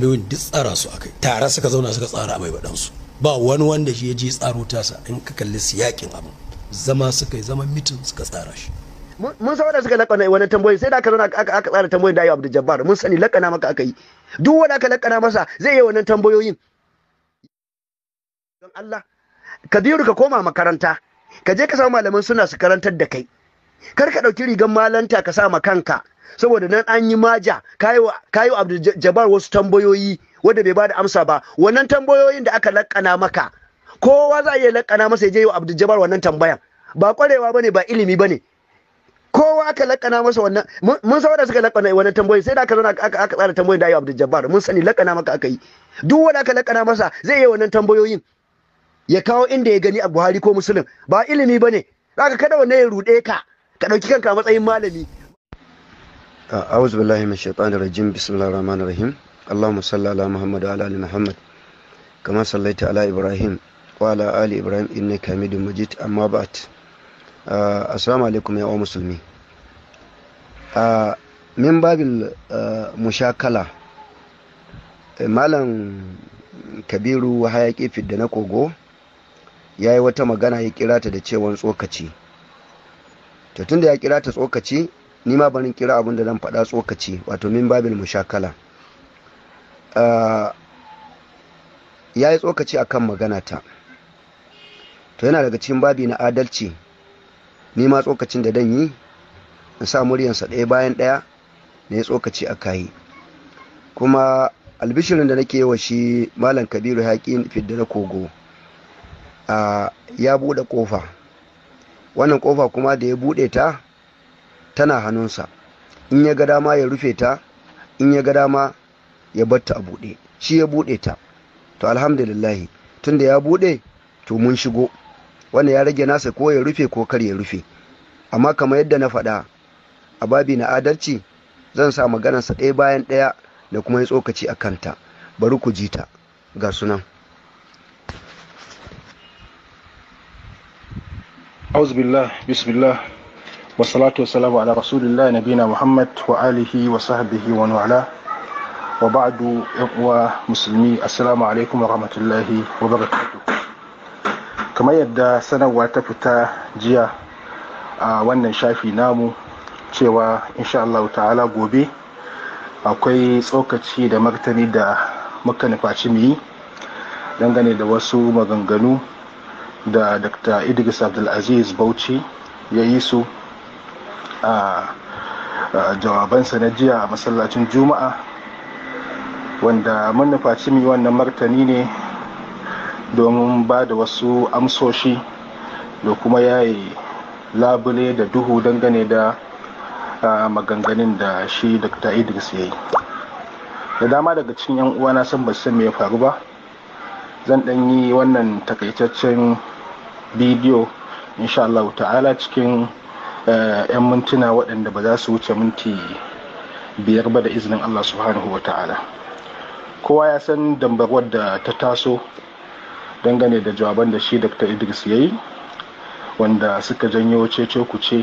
tambayoyin duk tsara su akai tare suka zauna suka tsara a mai baɗansu ba wani wanda shi ya je tsaro tasa in ka kalli siyakin abu zama suka yi zaman mitin suka tsara shi mun san wanda suka lakana wani tambayoyi sai da aka zauna aka tsara tambayoyin da ayyub abdul jabbar mun sani lakana maka aka yi duk wanda aka lakana masa zai yi wannan tambayoyin don Allah ka ka koma makaranta ka je ka samu malaman suna su karantar da kai kar ka ɗauki rigar malanta ka sa ma kanka saboda nan an yi maja kayo abdul jabbar wasu tambayoyi wanda bai bada amsa ba wannan tambayoyin da aka lakana maka kowa za a iya lakana masa ya je wa abdul jabbar wannan tambayan ba kwarewa bane ba ilimi bane kowa aka lakana masa wannan mun san wanda suka lakana wannan tambayoyi sai da aka zauna aka tsara tambayoyin da ayi abdul jabbar mun sani lakana maka aka yi duk wanda aka lakana masa zai yi wannan tambayoyin ya kawo inda ya gani a buhari ko musulun ba ilimi bane zaka kada wannan ya rude ka ka ɗauki kanka a matsayin malami a'udhu billahi min shaitanir rajim bismillahir rahmanir rahim allahumma salli ala muhammad wa ala ali muhammad kama sallaita ala ibrahim wa ala ali ibrahim innaka hamidum majid amma ba'd assalamu alaikum ya musulmi min babil mushakala eh, malam kabiru hayaki fidda na kogo ya yi wata magana ya kira ta da cewan tsokaci to tunda ya kira ta tsokaci ni ma barin kira abin da zan faɗa tsokaci wato min babil mushakala ah, ya yi tsokaci akan magana ta to yana daga cikin babi na adalci ni ma tsokacin da dan yi in sa muryansa ɗaya bayan ɗaya na ya tsokaci a kayi kuma albishirin da nake yawa shi malam kabiru haƙi fiddar na kogo ah, ya buɗe ƙofa wannan kofa kuma da ya buɗe ta tana hannunsa in ya ga dama ya rufe ta in ya ga dama ya batta a buɗe shi ya buɗe ta to tun tunda ya buɗe to mun shigo Wannan ya rage nasa ko ya rufe ko kar ya rufe amma kamar yadda na faɗa a babi na adalci zan sa maganarsa ɗaya bayan ɗaya da kuma ya tsokaci a kanta bari ku ji ta ga sunan أعوذ بالله بسم الله والصلاة والسلام على رسول الله نبينا محمد وآله وصحبه ومن والاه وبعد ومسلمي السلام عليكم ورحمة الله وبركاته كما يدى sanarwa ta fita jiya a wannan shafi namu cewa insha Allah ta'ala gobe akwai tsokaci da martani da muka nufaci mu yi dangane da wasu maganganu da dr idris abdulaziz bauchi ya yi su a jawabansa na jiya a masallacin juma'a wanda manufaci mai wannan martani ne domin ba da wasu amsoshi da kuma yayi labule da duhu dangane da maganganun da shi dr idris ya yi da dama daga cikin 'yan uwa na san ba san me ya faru ba zan ɗan yi wannan takaitaccen bidiyo insha Allah ta'ala cikin eh, 'yan mintuna waɗanda ba za su wuce minti biyar ba da izinin Allah subhanahu wa ta'ala kowa ya san dambarwar da ta taso dangane da jawaban da shi dr idris ya yi wanda suka janyo cece kuce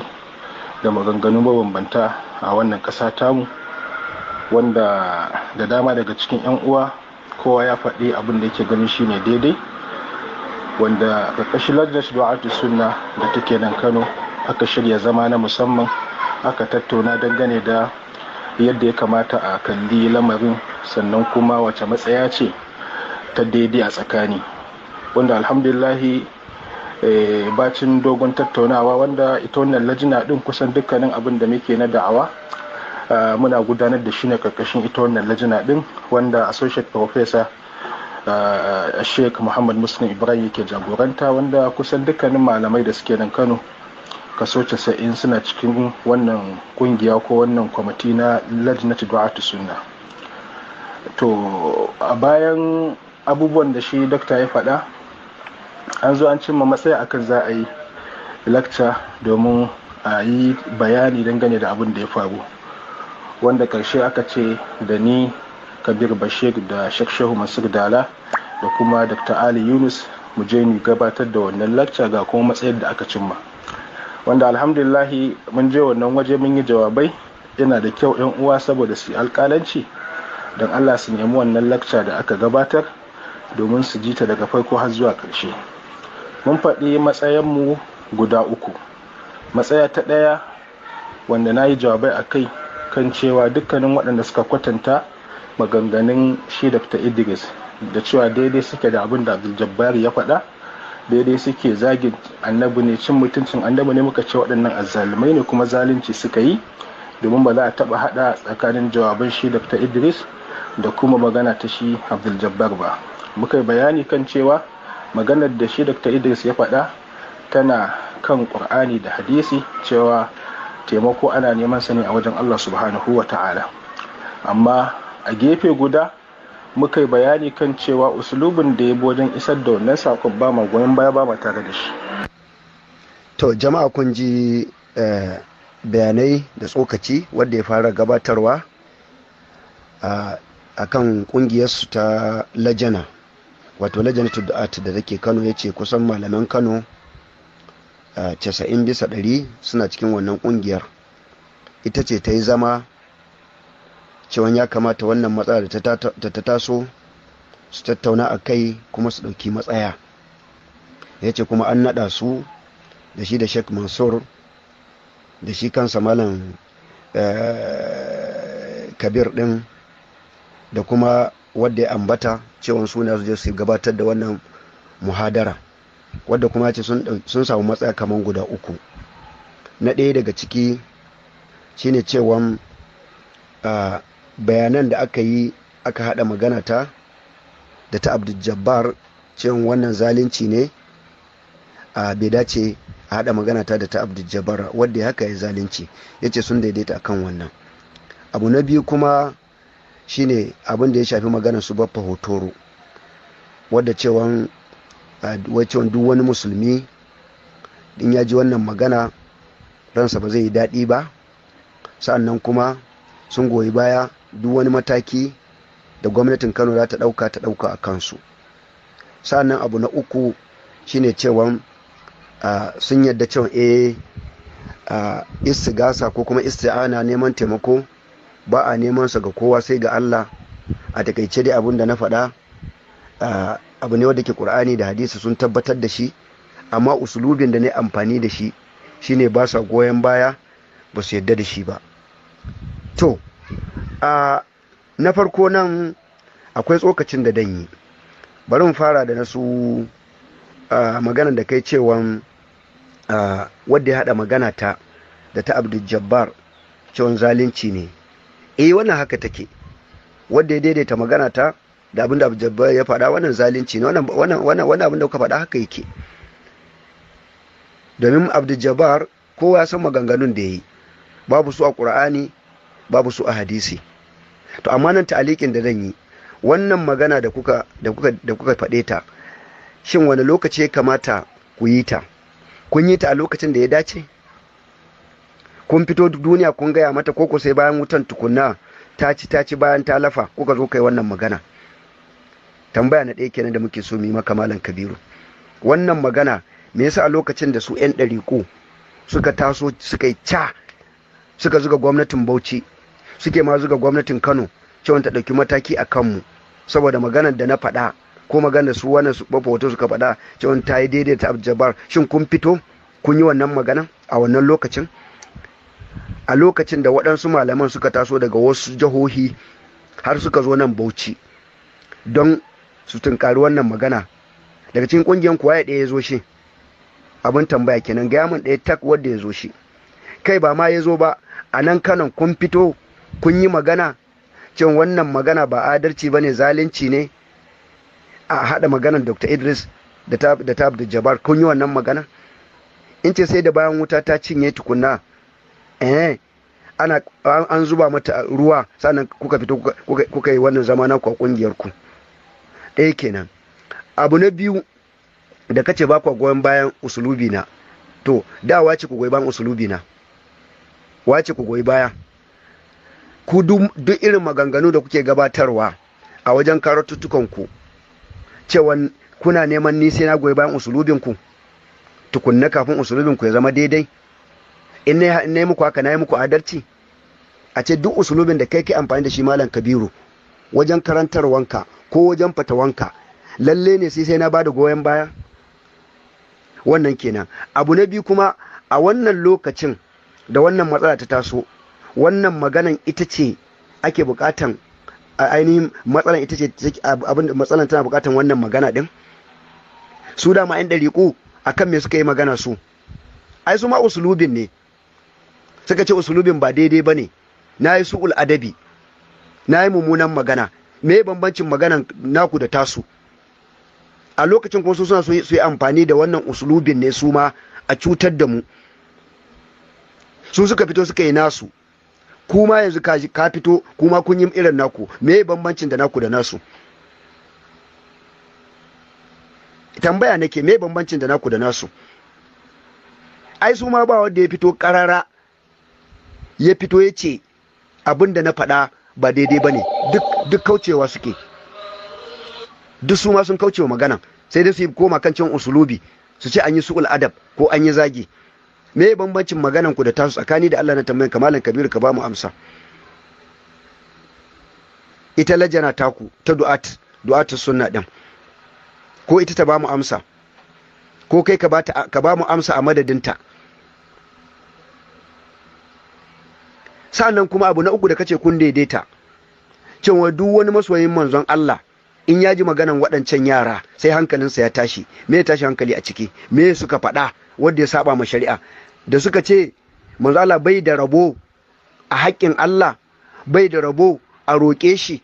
da maganganu mabambanta a wannan ƙasa tamu wanda da dama daga cikin 'yan uwa kowa ya faɗi abin da yake ganin ne daidai wanda ƙarƙashin lajnar du'atu sunna da take nan kano aka shirya zama na musamman aka tattauna dangane da yadda ya kamata a kalli lamarin sannan kuma wace matsaya ce ta daidai a tsakani wanda alhamdulillahi eh, bacin dogon tattaunawa wanda ita wannan lajina din kusan dukkanin abin da muke na da'awa ah, muna gudanar da shi ne karkashin ita wannan lajina din wanda associate professor sheik muhammad muslim ibrahim yake jagoranta wanda kusan dukkanin malamai da suke nan kano kaso 90 suna cikin wannan kungiya ko wannan kwamiti na lajnati du'atu sunna to a bayan abubuwan da shi dokta ya faɗa an zo an cimma matsaya akan za a yi lakca domin a yi bayani dangane da abin da ya faru wanda karshe aka ce da ni kabir bashir da shakshahu masu dala da kuma dr ali yunus mu je mujeni gabatar da wannan lacca ga kuma matsayar da aka cimma wanda alhamdulillahi mun je wannan waje mun yi jawabai yana da kyau yan uwa saboda su alkalanci don allah su nemi wannan lacca da aka gabatar domin su ji ta daga farko har zuwa karshe mun faɗi matsayinmu guda uku matsaya ta ɗaya wanda na yi jawabai a kai kan cewa dukkanin waɗanda suka kwatanta maganganun shi dr idris da cewa daidai suke da abin da abdul ya faɗa daidai suke zagin annabi ne cin mutuncin annabi ne muka ce waɗannan azzalumai ne kuma zalunci suka yi domin ba za a taɓa haɗa tsakanin jawabin shi dr idris da kuma magana ta shi abdul jabbar ba muka yi bayani kan cewa maganar da shi dr idris ya faɗa tana kan ƙur'ani da hadisi cewa taimako ana neman sa ne a wajen allah subhanahu wa ta'ala amma a gefe guda muka yi bayani kan cewa usulubin da ya wajen isar da wannan sakon ba ma goyon baya ba tare da shi to jama'a kun ji eh, bayanai da tsokaci wadda ya fara gabatarwa a kan kungiyarsu ta lajana wato lajana to da da take kano ya ce kusan malaman kano 90 eh, bisa ɗari suna cikin wannan kungiyar ita ce ta yi zama cewan ya kamata wannan matsala da ta taso su tattauna a kai kuma su ɗauki matsaya ya ce kuma an naɗa su da shi da sheikh mansur da shi kansa malam eh, kabir ɗin da kuma wadda ya ambata cewa suna su je su gabatar da wannan muhadara wadda kuma ce sun samu matsaya kamar guda uku na ɗaya daga ciki shine cewan ah, bayanan da aka yi aka hada magana ta da ta abdul jabbar cewa wannan zalunci ne a bai dace a hada magana ta da ta abdul jabbar wadda ya haka ya zalunci ya ce sun daidaita akan wannan abu na biyu kuma shine abin da ya shafi maganar su baffa hotoro wadda cewan duk wani musulmi in ya ji wannan magana ransa ba zai yi daɗi ba sa'annan kuma sun goyi baya duk wani mataki da gwamnatin kano za ta ɗauka ta ɗauka a kansu sa'annan abu na uku shine cewa sun yadda cewa eh istigasa ko kuma isti'ana neman taimako ba a neman sa ga kowa sai ga Allah a takaice dai abin da na faɗa abu ne wanda ke Qur'ani da hadisi sun tabbatar da shi amma usulubin da ne amfani da shi shine ba sa goyon baya ba su yadda da shi ba to na farko nan akwai tsokacin da danyi bari mu fara da nasu maganar da kai cewan wadda ya haɗa magana ta da ta abdul jabbar cewan zalunci ne eh wannan haka take wadda ya daidaita magana ta da abin da abdul jabbar ya faɗa wannan zalunci ne wannan abin da kuka faɗa haka yake domin abdul jabbar kowa ya san maganganun da ya yi babu su a ƙur'ani babu su a hadisi to amma nan ta'alikin da zan yi wannan magana da kuka da kuka da kuka faɗe ta shin wani lokaci ya kamata ku yi ta kun yi ta a lokacin da ya dace kun fito duniya kun gaya mata koko sai bayan wutan tukunna ta ci ta ci bayan ta lafa kuka zo kai wannan magana tambaya na ɗaya kenan da muke so mu yi maka malam kabiru wannan magana me yasa a lokacin da su 'yan ko suka taso suka yi ca suka zuga gwamnatin bauchi suke ma zuga gwamnatin kano cewa ta ɗauki mataki a kanmu saboda maganar da na faɗa ko maganar su wannan su hoto suka faɗa cewa ta yi daidai ta abjabar shin kun fito kun yi wannan magana a wannan lokacin a lokacin da waɗansu malaman suka taso daga wasu jihohi har suka zo nan bauchi don su tunkari wannan magana daga cikin ƙungiyar kuwa ya ɗaya ya zo shi abin tambaya kenan gaya mun ɗaya tak wanda ya zo shi kai ba ma ya zo ba a nan kanan kun fito kun yi magana cin wannan magana ba adalci ba ne zalunci ne a haɗa maganar dr idris da ta da da jabar kun yi wannan magana in ce sai da bayan wuta ta cinye tukunna eh ana an zuba mata ruwa sannan kuka fito kuka yi wannan zama na kungiyar ku ɗaya kenan abu na biyu da kace ba kwa goyon bayan usulubi na to da wace ku goyi bayan usulubi na wace ku goyi baya ku duk irin maganganu da kuke gabatarwa a wajen karatuttukanku cewa kuna neman ni sai na goyi bayan usulubinku tukunna kafin usulubinku ya zama daidai in na yi muku haka na yi muku adalci a ce duk usulubin da kai ke amfani da shi malam kabiru wajen wanka ko wajen wanka, lalle ne sai sai na bada goyon baya wannan kenan abu na biyu kuma a wannan lokacin da wannan matsala ta taso wannan maganan ita ce ake bukatan ainihin matsalan ita ce abin matsalan tana bukatan wannan magana din su dama yan a kan me suka yi magana su ai su ma usulubin ne suka ce usulubin ba daidai ba ne na yi su'ul adabi na yi mummunan magana me bambancin maganan naku da tasu a lokacin kuma su suna su yi amfani da wannan usulubin ne su ma a cutar da mu su suka fito suka yi nasu kuma yanzu ka fito kuma kun yi irin naku me bambancin da naku da nasu tambaya nake me bambancin da naku da nasu ai su ma ba wanda ya fito karara ya fito ya ce abin da na faɗa ba daidai ba ne duk kaucewa suke duk su ma sun kaucewa magana sai dai su yi koma kan cin usulubi su ce an yi su'ul adab ko an yi zagi me bambancin maganan ku da tasu tsakani da Allah na tambayan kamalan kabiru ka ba mu amsa ita lajana taku ta du'at du'atu sunna ko ita ta ba mu amsa ko kai ka ba mu amsa a madadinta sa'annan kuma abu na uku da kace kun daidaita cewa duk wani masoyin manzon Allah in ya ji maganan waɗancan yara sai hankalinsa ya tashi me ya tashi hankali a ciki me suka faɗa wanda ya saba ma shari'a da suka ce manzo bai da rabo a haƙƙin Allah bai da rabo a roƙe shi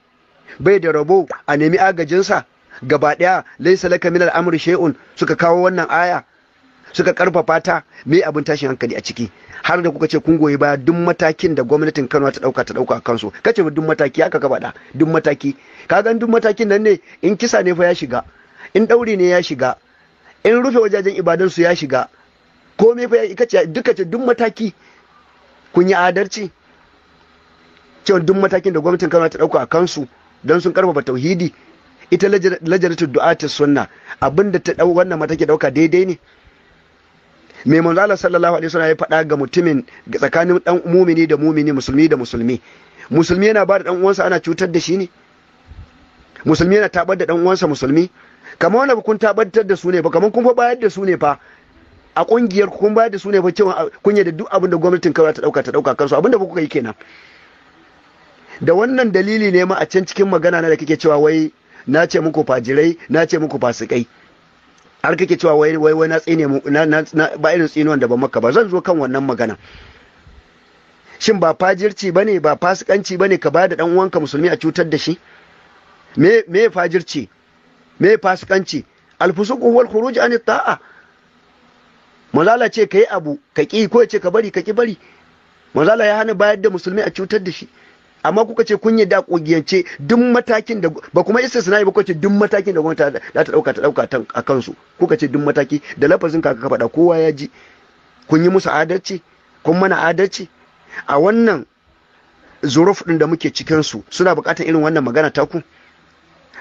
bai da rabo a nemi agajinsa gaba ɗaya laisa laka min al'amri shay'un suka kawo wannan aya suka karfafa ta me abin tashin hankali a ciki har da kuka ce kun goyi baya duk matakin da gwamnatin Kano ta dauka ta dauka kansu kace duk mataki aka ka faɗa duk mataki kaga duk matakin nan ne in kisa ne fa ya shiga in ɗauri ne ya shiga in rufe wajajen ibadansu ya shiga komai fa ya ce duka ce duk mataki kun yi adalci cewa duk matakin da gwamnatin Kano ta dauka a kansu don sun karfafa tauhidi ita du'a ta sunna abinda ta dau wannan mataki dauka daidai ne mai manzo Allah sallallahu alaihi wasallam ya faɗa ga mutumin tsakanin dan mumini da mumini musulmi da musulmi musulmi yana ba da dan uwansa ana cutar da shi ne musulmi yana tabar da dan uwansa musulmi kamar wanda kun tabartar da su ne fa kamar kun fa bayar da su ne fa a kungiyar kun bayar da su ne fa cewa kun yadda duk abin da gwamnatin kawai ta dauka ta dauka kansu abin da kuka yi kenan da wannan dalili ne ma a can cikin magana na da kake cewa wai na ce muku fajirai na ce muku fasikai har kake cewa wai wai wai na tsine mu na ba irin tsinuwan da ban maka ba zan zo kan wannan magana shin ba fajirci bane ba fasikanci bane ka bada dan uwanka musulmi a cutar da shi me me fajirci me fasikanci alfusuqu wal khuruj an ta'a mazala ce ka yi abu ka ƙi ko ce ka bari ka ƙi bari mazala ya hana bayar da musulmi a cutar da shi amma kuka ce kun yadda kogiyance duk matakin da ba kuma isa sinayi ba kuka ce duk matakin da gwamnati za ta ɗauka ta ɗauka a kansu kuka ce duk mataki da lafazin kaka ka faɗa kowa ya ji kun yi musu adalci kun mana adalci a wannan zuruf da muke cikinsu suna buƙatar irin wannan magana taku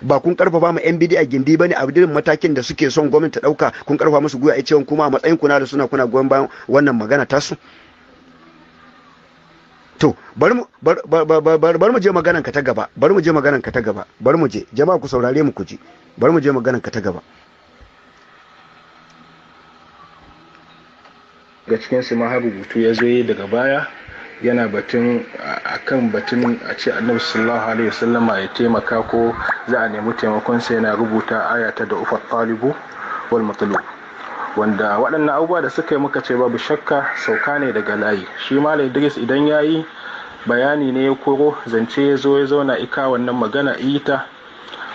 ba kun karfafa ma NBD a gindi bane a irin matakin da suke son gwamnati ta dauka kun karfafa musu guya cewa kuma a matsayin kuna da suna kuna goyon bayan wannan magana tasu to bari mu bari mu je maganan ka ta gaba bari mu je maganan ka ta gaba bari mu je jama'a ku saurare mu ku ji bari mu je maganan ka ta gaba ga cikin su ma har rubutu ya zo daga baya yana batun akan batun a ce annabi sallallahu alaihi wasallama ya taimaka ko za a nemi taimakon sa yana rubuta ayata da ufar talibu wal matlub wanda waɗannan abubuwa da suka yi muka ce babu shakka sauka ne daga layi shi malam Idris idan yayi bayani ne ya koro zance ya ya zauna ika wannan magana ita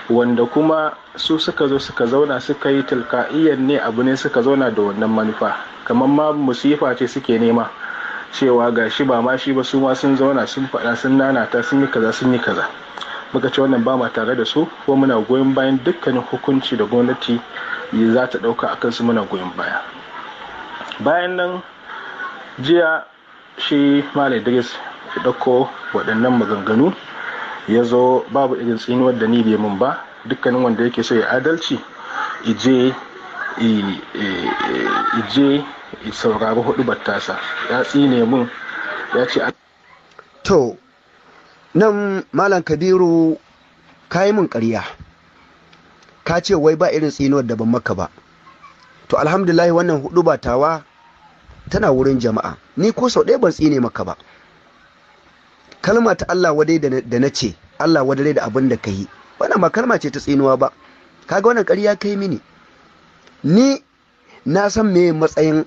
wanda kuma su suka zo suka zauna suka yi tilka'iyyar ne abu ne suka zauna da wannan manufa kamar ma musifa ce suke nema cewa ga shi ba ma shi ba su ma sun zauna sun faɗa sun nanata sun yi kaza sun yi kaza muka ce wannan ba ma tare da su ko muna goyon bayan dukkanin hukunci da gwamnati za ta ɗauka a kansu muna goyon baya bayan nan jiya shi mala idris ya ɗauko waɗannan maganganu ya zo babu irin tsinuwar da ni bai mun ba dukkanin wanda yake so ya adalci ije saurari hudu battasa ya tsine mun ya ce to nan malam kabiru ka yi mun karya ka ce wai ba irin tsinuwar da ban maka ba to alhamdulahi wannan hudu ba tana wurin jama'a ni ko sau ɗaya ban tsine maka ba kalma ta Allah wadai da na ce Allah wadai da abin da ka yi wannan ba kalma ce ta tsinuwa ba kaga wannan ƙarya kai mini ni na san me matsayin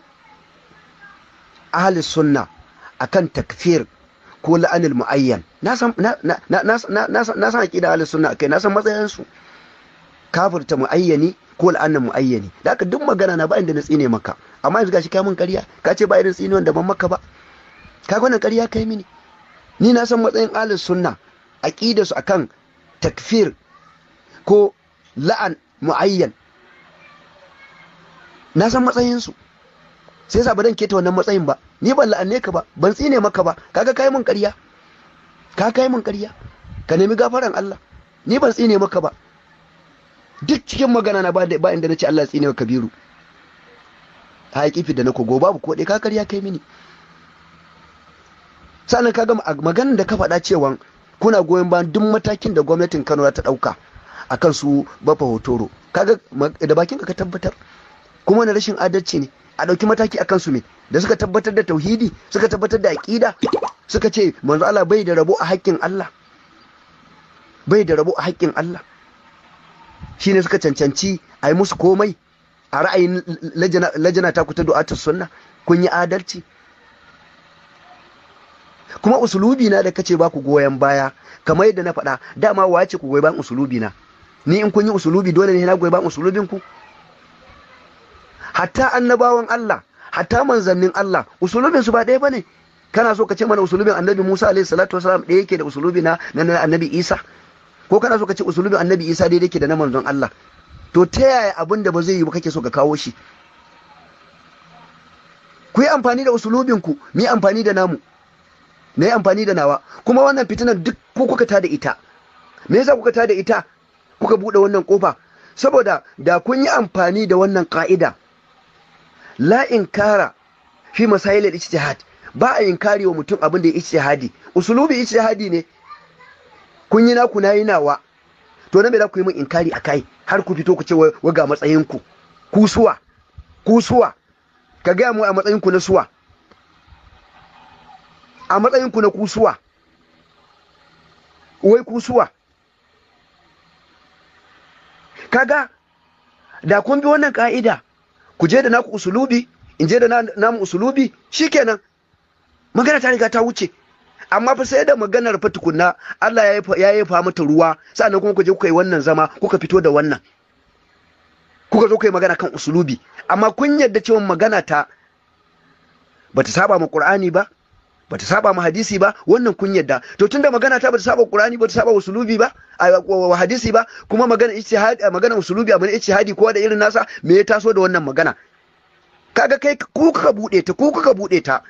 ahli sunna akan takfir ko la'anil mu'ayyan na san na ahli sunna kai na san matsayin su kafirta mu'ayyani ko la'anin mu'ayyani da haka duk magana na ba da na tsine maka amma yanzu gashi kai mun kariya ka ce ba irin tsine wanda ban maka ba ka wannan kariya kai mini ni na san matsayin ahli sunna aqidar su akan takfir ko la'an mu'ayyan na san su. sai yasa ba dan keta wannan matsayin ba ni ban la'anne ka ba ban tsine maka ba kaga kai mun ƙarya ka kai mun ƙarya ka nemi gafaran Allah ni ban tsine maka ba duk cikin magana na ba inda na ce Allah tsine wa kabiru ta kifi da na kogo babu ko dai ka ƙarya kai mini sannan kaga maganar da ka faɗa cewa kuna goyon bayan duk matakin da gwamnatin Kano ta ɗauka akan su bafa hotoro kaga da bakin ka tabbatar kuma na rashin adalci ne a ɗauki mataki akan su ne da suka tabbatar da tauhidi suka tabbatar da aƙida suka ce manzo Allah bai da rabo a haƙƙin Allah bai da rabo a haƙƙin Allah Shi ne suka cancanci a yi musu komai a ra'ayin lajana ta kuta du'atul sunna kun yi adalci kuma usulubi na da kace ba ku goyon baya kamar yadda na faɗa dama wace ku goyi ban usulubi na ni in kun yi usulubi dole ne na goyi ban usulubin ku hatta annabawan Allah hatta manzannin Allah usulubin su ba ɗaya bane kana so ka ce mana usulubin annabi Musa alaihi salatu wasalam ɗaya yake da usulubi na annabi Isa ko kana so ka ce usulubin annabi Isa daidai yake da na manzon Allah to ta yaya abin da ba zai yi ba kake so ka kawo shi ku yi amfani da usulubin ku mu yi amfani da namu na yi amfani da nawa kuma wannan fitinar duk ku kuka tada ita me yasa kuka tada ita kuka bude wannan kofa saboda da kun yi amfani da wannan ka'ida la inkara fi masail al-ijtihad ba a inkari wa mutum abin da ya ijtihadi usulubi ijtihadi ne kun yi naku nayi nawa to na me za ku yi min inkari akai har ku fito ku ce wa ga matsayin ku ku suwa ku suwa ka gaya mu a matsayin ku na suwa a matsayin ku na kusuwa wai ku suwa kaga da kun bi wannan ka'ida ku je da naku usulubi in je da namu usulubi shikenan magana ta riga ta wuce amma fa sai da maganar fa tukunna Allah ya yi fa mata ruwa sannan kuma ku je kuka yi wannan zama kuka fito da wannan kuka zo kuka magana kan usulubi amma kun yarda cewa magana ta bata saba mu Qur'ani ba bata saba ma hadisi ba wannan kun yadda to tunda magana ta ba ta saba qur'ani ba ta saba usulubi ba a hadisi ba kuma magana ijtihadi magana usulubi abin ijtihadi kowa da irin nasa me ya taso da wannan magana kaga kai ku kuka bude ta ku kuka bude ta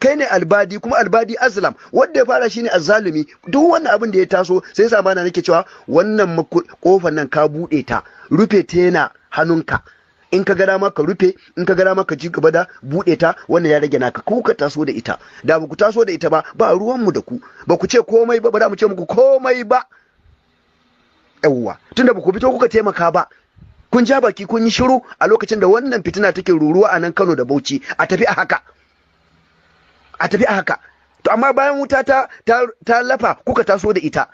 kai ne albadi kuma albadi azlam wanda ya fara shine azzalumi duk wannan abin da ya taso sai sa bana nake cewa wannan kofar nan ka bude ta rufe ta yana hannunka in ka ga dama rufe in ka ga dama ka ci gaba da buɗe ta wannan ya rage naka ku ka taso da ita da ba ku taso da ita ba ba ruwan mu da ku ba ku ce komai ba ba mu ce muku komai ba yawwa tunda ba ku fito kuka taimaka ba kun ja baki kun yi shiru a lokacin da wannan fitina take ruruwa a nan Kano da Bauchi a tafi a haka a tafi a haka to amma bayan wuta ta ta lafa kuka taso da ita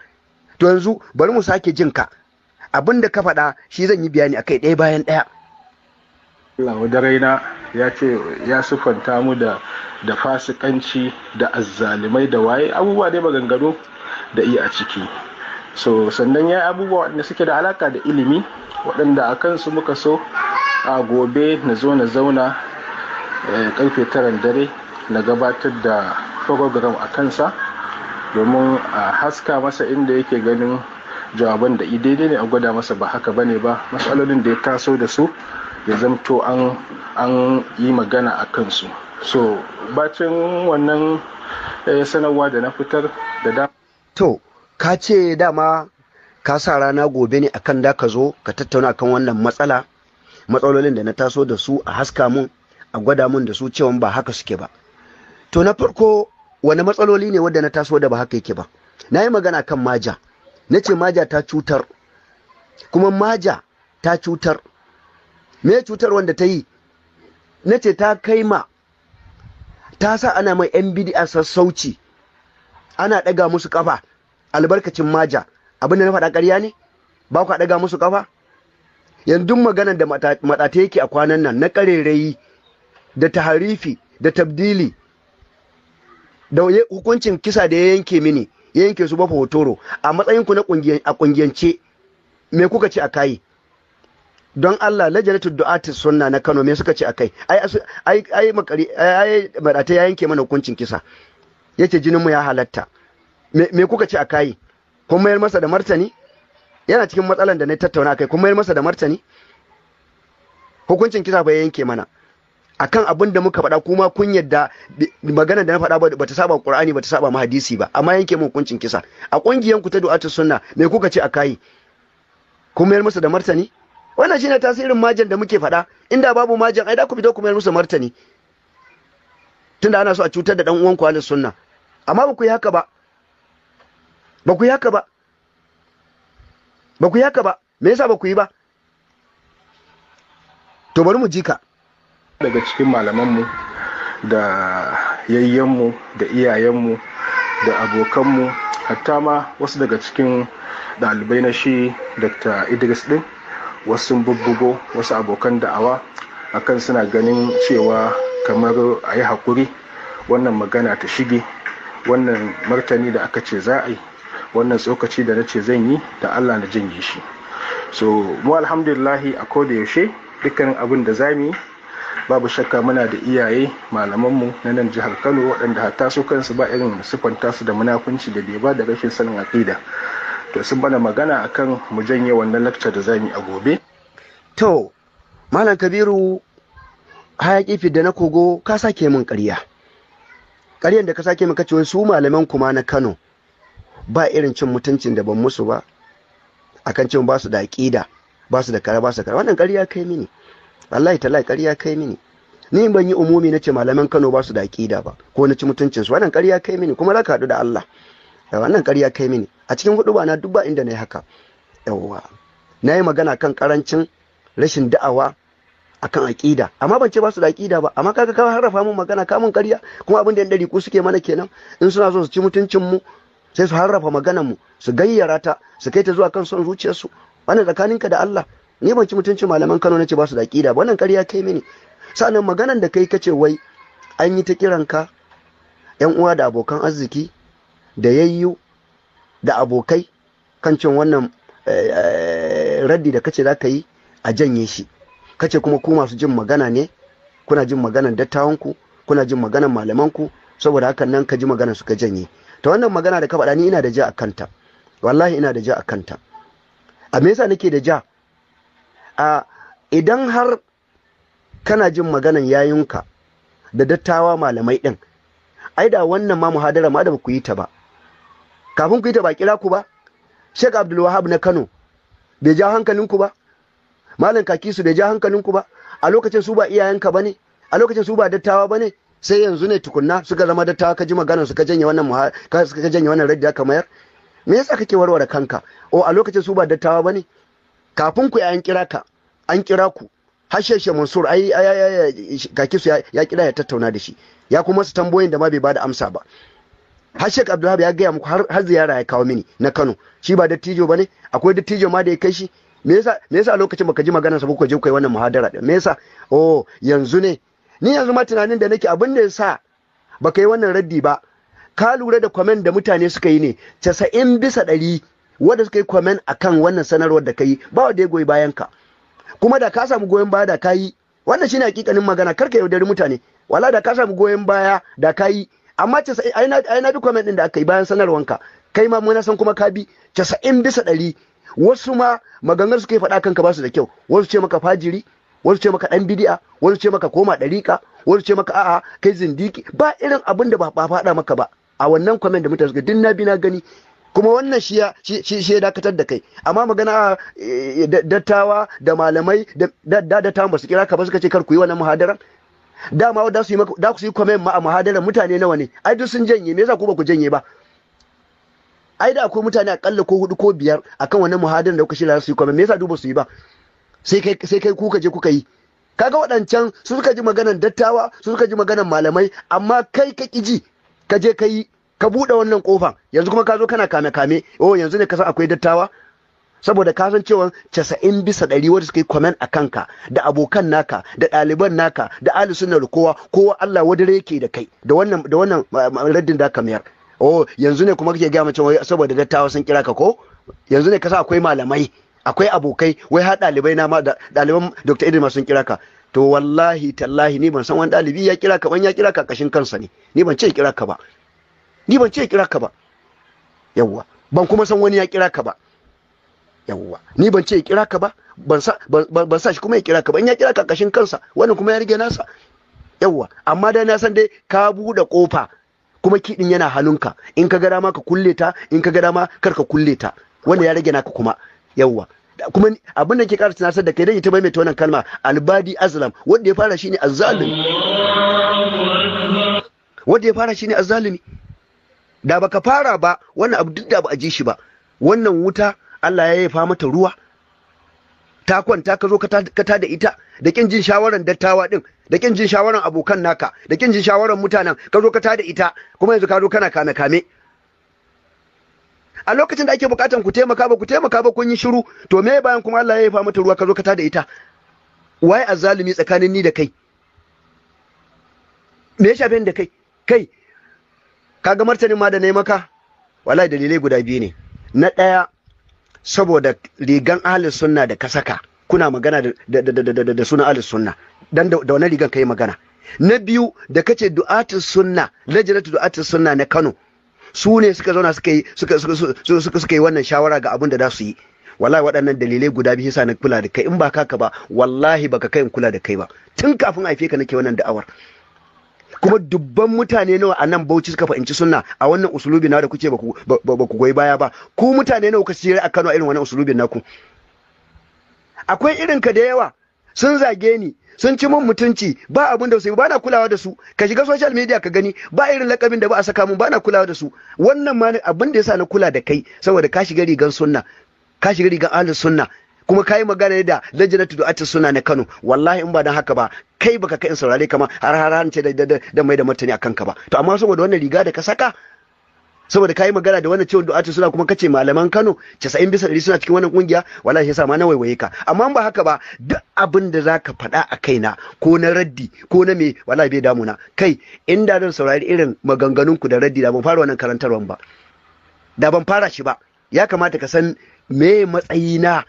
to yanzu bari mu sake jinka abin da ka faɗa shi zan yi bayani akai ɗaya bayan ɗaya Allah raina ya ce ya siffanta mu da da fasikanci da azzalimai da waye abubuwa dai maganganu da iya a ciki so sannan ya yi abubuwa wadanda suke da alaka da ilimi waɗanda a kansu muka so a gobe na zo na zauna karfe eh, taran dare na gabatar da program a kansa domin a haska masa inda yake ganin jawaban da daidai ne a gwada masa ba haka bane ba matsalolin da ya taso da su ya zamto an an yi magana a kansu so bacin wannan eh, sanarwa da na fitar da dama to ka ce dama ka sa rana gobe ne akan da ka zo ka tattauna kan wannan matsala matsalolin da na taso da su a haska mun a gwada mun da su cewa ba haka suke ba to na farko wani matsaloli ne wadda na taso da ba haka yake ba na yi magana kan maja na ce maja ta cutar kuma maja ta cutar me cutar wanda ta yi na ce ta kai ma ta sa ana mai yan bidi'a sassauci ana ɗaga musu kafa albarkacin maja abin da na faɗa ƙarya ne ba ku ɗaga musu kafa yanzu maganar da matsata yake a kwanan nan na ƙarerayi da taharifi da tabdili da hukuncin kisa da ya yanke mini ya yanke su bafa hotoro a matsayinku na a kungiyance me kuka ci a kayi don Allah lajalatu du'ati sunna na Kano me suka ce akai ai ai ai makari ai marata ya yanke mana hukuncin kisa yace jinin mu ya halatta me kuka ce akai kun mayar masa da martani yana cikin matsalan da na tattauna akai kun mayar masa da martani hukuncin kisa ba ya yanke mana akan abin da muka faɗa kuma kun yadda magana da na faɗa ba ta saba Qur'ani ba ta saba ma hadisi ba amma yanke mu hukuncin kisa a kungiyan ku ta du'ati sunna me kuka ce akai kun mayar masa da martani wannan shine tasirin majan da muke faɗa inda babu majan ai da ku fito ku mayar musu martani tunda ana so a cutar da dan uwan ku sunna amma ba ku yi haka ba ba ku yi haka ba ba ku yi haka ba me yasa ba ku yi ba to bari mu ji daga cikin malamanmu da yayyenmu da iyayenmu da abokanmu hatta ma wasu daga cikin ɗalibai na shi dr idris din wasu bubbugo wasu abokan da'awa akan suna ganin cewa kamar a yi haƙuri wannan magana ta shige wannan martani da aka ce za a yi wannan tsokaci da na ce zan yi da allah na janye shi so mu alhamdulillahi a koda yaushe dukkanin abin da za mu yi babu shakka muna da iyaye malamanmu na nan jihar kano waɗanda hatta su kansu ba irin siffanta su da munafunci da bai ba da rashin sanin aƙida to sun bada magana akan mu janye wannan lakcar da za mu yi a gobe to malam kabiru hayaki fidda na kogo ka sake min ƙarya Ƙaryar da ka sake min kacewa su malaman kuma na Kano ba irin cin mutuncin da ban musu ba akan cin ba su da aƙida ba su da kara ba su da kara wannan ƙarya kai mini wallahi lai ƙarya kai mini ni ban yi umumi na ce malaman Kano ba su da aƙida ba ko na ci mutuncin su wannan ƙarya kai mini kuma za ka haɗu da Allah wannan ƙarya kai mini a cikin hudu na duk ba inda na yi haka yawwa na yi magana kan karancin rashin da'awa kan aƙida amma ban ce ba su da aƙida ba amma kaka ka harrafa mun magana kamun karya kuma abin da yan ɗariku suke mana kenan in suna so su ci mutuncinmu sai su harrafa maganar mu su gayyara ta su kai ta zuwa kan son zuciyarsu wannan tsakaninka da Allah ni ban ci mutuncin malaman Kano nace ba su da aƙida ba. wannan ƙarya kai mini sa'annan maganar da kai kace wai an yi ta kiranka yan uwa da abokan arziki da yayyu da abokai kan cin wannan eh, raddi da kace za ka yi a janye shi kace kuma ku masu jin magana ne kuna jin maganan dattawanku kuna jin maganan malamanku saboda hakan nan ka ji su ka janye ta wannan magana da ka faɗa ni ina da ja a kanta wallahi ina da ja a kanta a me yasa nake da ja a idan har kana jin maganan yayunka da dattawa malamai ɗin ai da wannan ma muhadara ma da ba ku yi ta ba kafin ku yi ta ba kira ku ba Sheikh Abdul Wahab na Kano bai ja hankalin ku ba Malam Kakisu bai ja hankalin ku ba a lokacin su ba iyayenka bane a lokacin su ba dattawa bane sai yanzu ne tukunna suka zama dattawa ka ji magana su ka janye wannan suka janye wannan radda ka mayar me yasa kake warware kanka o a lokacin su ba dattawa bane kafin ku yayin kira ka an kira ku hasheshe mansur ai kaki su ya kira ya tattauna da shi ya kuma su tambayoyin da ma bai bada amsa ba har Sheikh Abdulhab ya gaya muku har ziyara ya kawo mini na Kano shi ba dattijo bane akwai dattijo ma da ya kai shi me yasa me yasa a lokacin baka ji magana sa kuka je kai wannan muhadara me yasa oh yanzu ne ni yanzu ma tunanin da nake abin da yasa baka yi wannan raddi ba ka lura da comment da mutane suka yi ne 90 bisa ɗari wanda suka yi comment akan wannan sanarwar da ka yi ba wanda ya goyi bayan ka kuma da ka samu goyon baya da ka yi wannan shine hakikanin magana karka yaudari mutane wala da ka samu goyon baya da ka yi amma ai na bi comment din da aka yi bayan sanarwanka kai ma muna san kuma ka bi casa'in bisa ɗari wasu ma maganar suka yi faɗa kanka ba su da kyau wasu ce maka fajiri wasu ce maka dan bidi'a wasu ce maka koma ɗariƙa wasu ce maka a'a kai zindiki ba irin abin da ba faɗa maka ba a wannan comment da mutane suka din na bi na gani kuma wannan shi ya dakatar da kai amma magana eh, dattawa da malamai da dattawa ba su kira ka ba suka ce kar ku yi wannan muhadaran dama wadda su yi da ku yi ma a muhadarar mutane nawa ne ai duk sun janye me yasa ku ba ku janye ba ai da akwai mutane akalla ko hudu ko biyar akan wannan muhadarar da kuka shirya su yi komen, me yasa duba su yi ba sai kai sai kai kuka je kuka yi kaga waɗancan su suka ji maganar dattawa su suka ji maganar malamai amma kai ka ji ka je ka yi ka buɗe wannan kofan yanzu kuma ka zo kana kame kame oh yanzu ne ka san akwai dattawa saboda ka san cewa 90 bisa 100 wanda suka yi comment a kanka da abokan naka da ɗaliban naka da ahli sunna da kowa kowa Allah wadare yake da kai da wannan da wannan eh, raddin da ka mayar oh yanzu ne kuma kake gaya cewa saboda dattawa sun kira ka ko yanzu ne kasa akwai malamai akwai abokai wai har ɗalibai na ma ɗaliban Dr. Idris sun kira ka to wallahi tallahi ni ban san wani ɗalibi ya kira ka ban ya kira ka kashin kansa ne ni ban ce kira ka ba ni ban ce kira ka ba yawwa ban kuma san wani ya kira ka ba yawwa ni ban ce ya kira ka ba ban sa shi kuma ya kira ka ba in ya kira ka kashin kansa wannan kuma ya rige nasa yawwa amma dai na san dai ka buɗe kofa kuma kiɗin yana hannunka in ka ga dama ka kulle ta in ka ga dama kar ka kulle ta Wannan ya rage naka kuma yawwa kuma abin da ke na tunasar da kai dai ita mai ta wannan kalma albadi azlam wanda ya fara shine azalim wanda ya fara shine azalimi da baka fara ba wannan abu duk da ba a ji shi ba wannan wuta Allah ya yafa mata ruwa ta kwanta ka zo ka ta da ita da kin jin shawaran dattawa din da kin jin shawaran abokan naka da kin jin shawaran mutanen ka zo ka ta da ita kuma yanzu ka zo kana kame kame a lokacin da ake bukatan ku taimaka ba ku taimaka ba kun yi shiru to me bayan kuma Allah ya yafa mata ruwa ka zo ka ta da ita waye azalimi tsakanin ni da kai me ya shafe da kai kai kaga martanin ma da nayi maka wallahi dalilai guda biyu ne na ɗaya saboda rigan ahli sunna da ka saka kuna magana da suna ahli sunna dan da wani rigan ka yi magana na biyu da kace du'atin sunna lajnatu du'atin sunna na Kano su ne suka zauna suka yi suka suka suka yi wannan shawara ga abin da za su yi wallahi waɗannan dalilai guda biyu sa na kula da kai in ba kaka ba wallahi baka kai in kula da kai ba tun kafin haife ka nake wannan da'awar kuma dubban mutane nawa a nan Bauchi suka fahimci sunna a wannan usulubi na da kuke ba ku goyi baya ba ku mutane nawa kuka shirya a Kano a irin wannan usulubin naku akwai irin ka da yawa sun zage ni sun ci mun mutunci ba abin da su ba na kulawa da su ka shiga social media ka gani ba irin lakabin da ba a saka mun ba na kulawa da su wannan ma abin da yasa na kula da kai saboda ka shiga rigan sunna ka shiga rigan ahlus sunna kuma kayi magana da lajinatu ta suna na Kano wallahi in ba dan haka ba kai baka ka in saurare kama har har har ce da mai da martani akan ka ba to amma saboda wannan riga da ka saka saboda kayi magana da wannan ciwon ta suna kuma kace malaman Kano casa'in bisa ɗari suna cikin wannan kungiya wallahi yasa ma na waiwaye ka amma ba haka ba duk abin da zaka faɗa a kaina ko na raddi ko na me wallahi bai damu na kai inda zan saurari irin maganganun ku da raddi da ban fara wannan karantarwan ba da ban fara shi ba ya kamata ka san me matsayina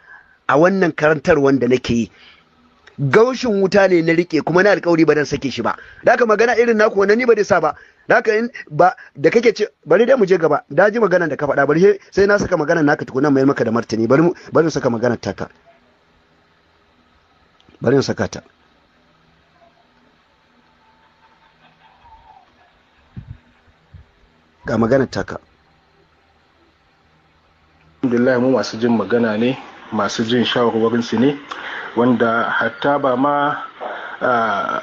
a wannan karantar wanda nake yi gaushin wuta ne na rike kuma na alkawari ba dan sake shi ba da magana irin naku wannan ni ba dai sa ba da in ba da kake ce bari dai mu je gaba da ji magana da ka faɗa bari sai na saka magana naka tukunan mai maka da martani bari bari saka magana taka bari saka ta ga magana taka alhamdulillah mu masu jin magana ne masu jin shawarwarinsu ne wanda hatta ba ma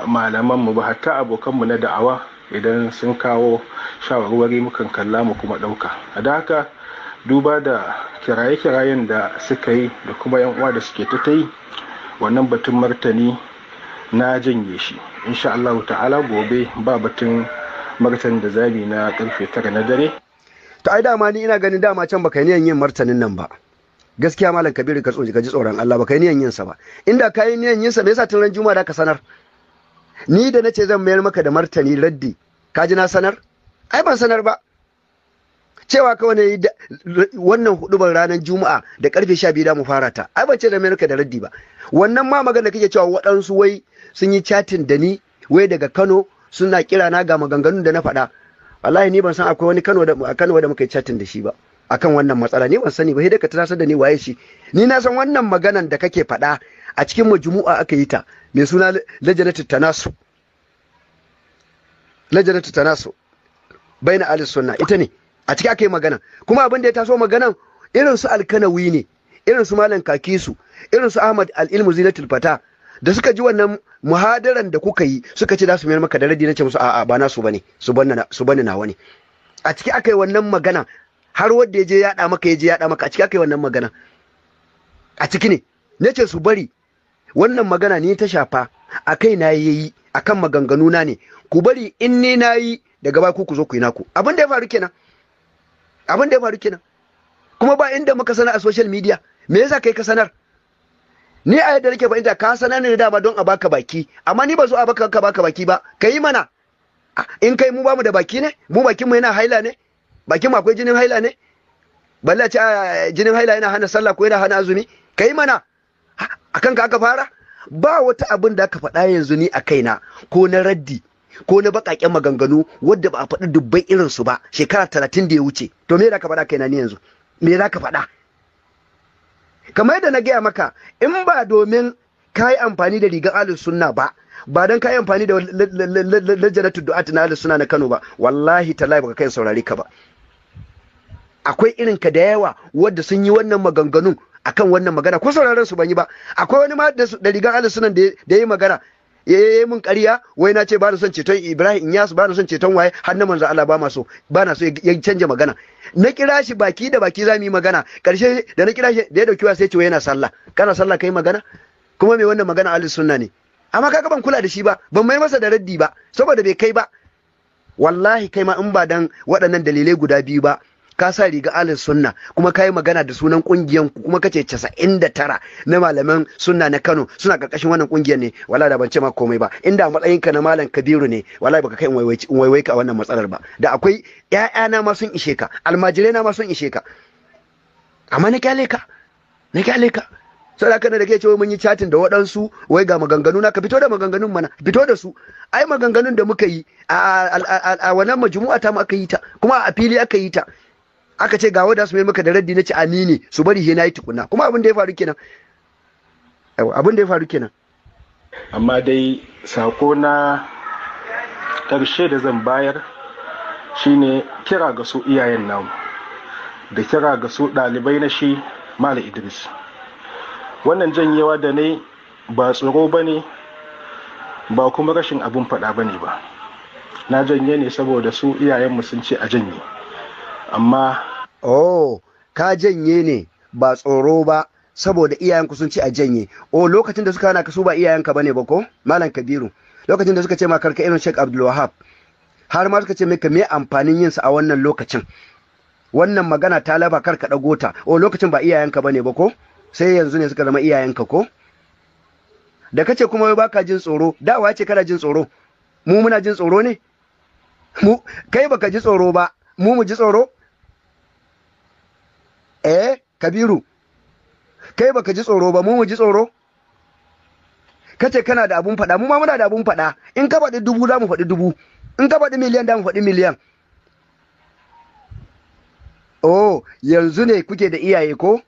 malamanmu ba hatta abokanmu na da'awa idan sun kawo shawarwari mukan kalla mu kuma ɗauka a da haka duba da kiraye-kirayen da suka yi da kuma yan uwa da suke ta ta yi wannan batun martani na janye shi insha Allah ta'ala gobe ba batun martani da zami na karfe tara na dare ta ai dama ni ina ganin dama can baka niyan yin martanin nan ba gaskiya malam kabiru ka tsoji ka ji tsoron Allah ba kai niyan yin sa ba inda ka niyan yin sa me yasa tun ran juma'a da ka sanar ni da nace zan mayar maka da martani raddi ka ji na sanar ai ban sanar ba cewa kawai ne wannan huduban ranar juma'a da karfe 12 da mu fara ta ai ban ce da mayar maka da raddi ba wannan ma magana kake cewa waɗansu wai sun yi chatting da ni wai daga Kano suna kira na ga maganganun da na faɗa wallahi ni ban san akwai wani Kano da Kano da muka yi chatting da shi ba akan wannan matsala ni ban sani ba sai ka tasar da ni waye shi ni na san wannan maganan da kake faɗa a cikin majmu'a aka yi ta mai suna lajalatu tanasu lajalatu tanasu baina ahli sunna ita ne a ciki aka yi magana kuma abin da ya taso maganan irin su alkanawi ne irin su malam kakisu irin su ahmad al-ilmu zinatul fata da suka ji wannan muhadaran da kuka yi suka ce za su mayar maka da radi na ce musu a'a ba na su bane su bane nawa ne a ciki aka yi wannan magana har wanda ya je yaɗa maka ya je yaɗa maka a ciki aka yi wannan magana a ciki ne na ce su bari wannan magana ni ta shafa a kai na yi a kan maganganu na ne ku bari in ni na yi daga ba ku ku zo ku yi naku abin da ya faru kenan abin da ya faru kenan kuma ba inda muka sanar a social media me yasa kai ka sanar ni a yadda nake fahimta ka sanar ne dama don a baka baki amma ni ba zo a baka baka baki ba ka yi mana in kai mu ba da baki ne mu bakin mu yana haila ne bakin mu akwai jinin haila ne balla ce jinin haila yana hana sallah ko yana hana azumi kai mana akan ka aka fara ba wata abin da aka faɗa yanzu ni a kaina ko na raddi ko na baƙaƙen maganganu wadda ba a faɗi dubbai irin su ba shekara talatin da ya wuce to me zaka ka faɗa kaina ni yanzu me zaka ka faɗa kamar yadda na gaya maka in ba domin ka yi amfani da rigar alu sunna ba ba don ka yi amfani da lajaratu du'at na alis sunna na kano ba wallahi talahi ka kai saurare ka ba akwai irin ka da yawa wadda sun yi wannan maganganun akan wannan magana ko sauraron su ban yi ba akwai wani ma da rigan Allah sunan da yi magana yayi mun ƙarya wai na ce ba na son ceton Ibrahim Inyas ba na son ceton waye har na manzo Allah ba ma so ba na so ya canja magana na kira shi baki da baki za mu yi magana karshe da na kira shi da ya dauki wa sai ce yana sallah kana sallah kai magana kuma me wannan magana Ali sunna ne amma kaga ban kula da shi ba ban mai masa da raddi ba saboda bai kai ba wallahi kai ma in ba dan waɗannan dalilai guda biyu ba ka sa riga alin sunna kuma ka yi magana da sunan kungiyan ku kuma kace 99 na malaman sunna na Kano suna karkashin wannan kungiyar ne wala da ban ce ma komai ba inda matsayin ka na malam Kabiru ne wala baka kai in waiwai ka wannan matsalar ba da akwai ƴaƴana ma sun ishe ka almajirai na ma sun ishe ka amma na kyale ka na kyale ka sai kana da ke cewa mun yi chatting da waɗansu wai ga maganganu na ka fito da maganganun mana fito da su ai maganganun da muka yi a wannan majmu'a ta mu aka yi ta kuma a fili aka yi ta aka ce ga wanda su mai maka da raddi na ci amini su bari he nayi tukuna kuma abin da ya faru kenan abin da ya faru kenan amma dai sako na karshe da zan bayar shine kira ga su iyayen namu da kira ga su ɗalibai na shi mala idris wannan janyewa da ne ba tsoro ba ne ba kuma rashin abun faɗa ba ne ba na janye ne saboda su iyayenmu sun ce a janye amma oh ka janye ne ba tsoro ba saboda iyayenku sun ce a janye Oh lokacin da suka hana ka su ba iyayenka bane ba ko malam kabiru lokacin da suka ce ma karka irin Sheikh Abdul Wahab har ma suka ce maka me amfanin yin a wannan lokacin wannan magana ta laba karka dago ta Oh lokacin ba iyayenka bane ba ko sai yanzu ne suka zama iyayenka ko da kace kuma wai baka jin tsoro dawa ce kana jin tsoro mu muna jin tsoro ne mu kai baka ji tsoro ba mu mu ji tsoro eh kabiru kai baka ji tsoro ba mu mu ji tsoro kace kana da abun faɗa mu ma muna da abun faɗa in ka faɗi dubu za mu faɗi dubu in ka faɗi miliyan za mu faɗi miliyan oh yanzu ne kuke da iyaye ko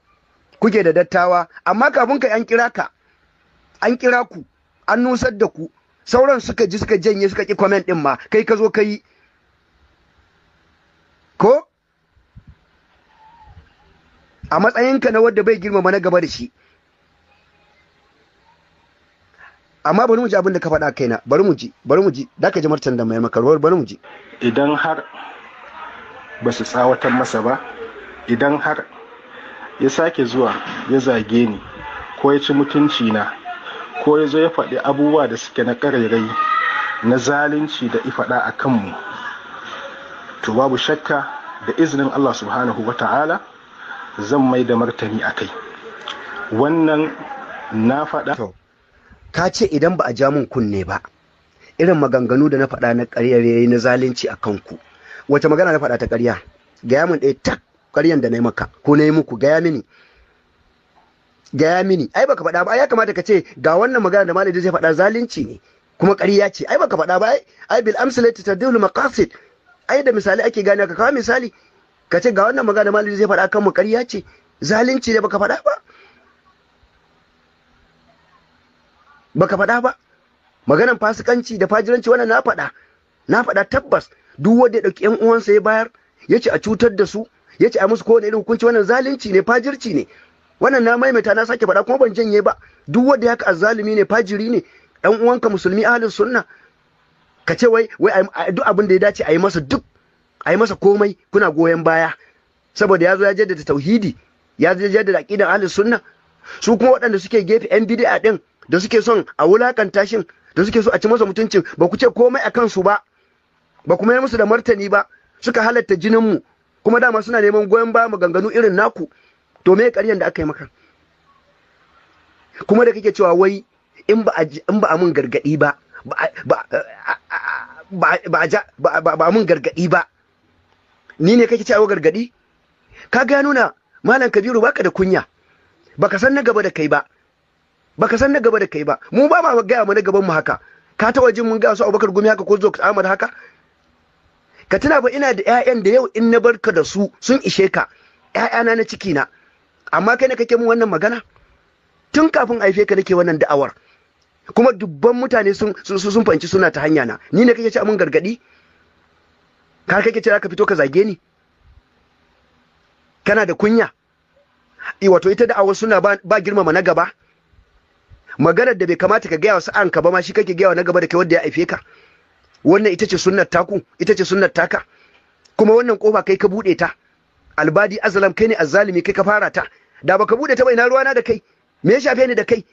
kuke da dattawa amma kafin ka an kira ka an kira ku an nusar da ku sauran suka ji suka janye suka ki comment din ma kai ka zo kai ko a matsayinka na wadda bai girmama na gaba da shi amma bari mu ji abin da ka faɗa kaina bari mu ji bari mu ji da ka ji martan da mai makarwar bari mu ji idan har ba su tsawatar masa ba idan har ya sake zuwa ya zage ni ko ya ci mutunci na ko ya zo ya faɗi abubuwa da suke na ƙarairayi na zalunci da ifaɗa a kanmu to babu shakka da izinin Allah subhanahu wa ta'ala zan mai da martani a kai wannan na faɗa ka ce idan ba a ja mun kunne ba irin maganganu da na faɗa na ƙaryar na zalunci a kanku wace magana na faɗa ta ƙarya gaya min ɗaya tak ƙaryan da na yi maka ko na yi muku gaya mini gaya mini ai baka faɗa ba ya kamata ka ce ga wannan magana da malaji zai faɗa zalunci ne kuma ƙarya ce ai baka faɗa ba ai bil amsalati tadillu maqasid ai da misali ake gane ka kawo misali ka ce ga wannan magana malami zai faɗa kanmu ƙarya ce zalunci ne baka faɗa ba baka faɗa ba maganan fasikanci da fajiranci wannan na faɗa na faɗa tabbas duk wanda ya ɗauki ƴan uwansa ya bayar ya ce a cutar da su ya ce a musu kowane irin hukunci wannan zalunci ne fajirci ne wannan na maimaita na sake faɗa kuma ban janye ba duk wanda ya ka azzalumi ne fajiri ne ɗan uwanka musulmi ahlus sunna ka ce wai wai duk abin da ya dace a yi masa duk a yi masa komai kuna goyon baya saboda ya zo ya jaddada tauhidi ya zo ya jaddada aqidan ahlus sunna su kuma waɗanda suke gefe yan bid'a din da suke son a wulakanta shin da suke so a ci masa mutuncin ba ku ce komai a kansu ba ba kuma yi musu da martani ba suka halatta jinin mu kuma dama suna neman goyon baya ganganu irin naku to me ƙaryan da aka yi maka kuma da kake cewa wai in ba a mun gargadi ba ba ba mun gargaɗi ba ni ne kake ci awo gargadi ka ga nuna malam kabiru baka da kunya baka san na gaba da kai ba baka san na gaba da kai ba mu ba ma ga mu na gaban mu haka ka ta jin mun ga su abubakar gumi haka ko zox ahmad haka ka tuna ba ina da 'ya'yan da yau in na barka da su sun ishe ka 'ya'yana na ciki na amma kai ne kake mun wannan magana tun kafin aife ka nake wannan da'awar kuma dubban mutane sun sun fanci suna ta hanya na ni ne kake ci a mun gargadi ka kake ce ka fito ka zage ni kana da kunya i wato ita da awon suna ba, ba girmama na gaba maganar da bai kamata ka gaya wa ka ba ma shi kake gaya wa na gaba da kai wanda ya haife ka wannan ita ce sunnar taku ita ce sunnar taka kuma wannan kofa kai ka bude ta albadi azlam kai ne azzalimi kai ka fara ta da baka bude ta bai na ruwana da kai me ya shafe ni da kai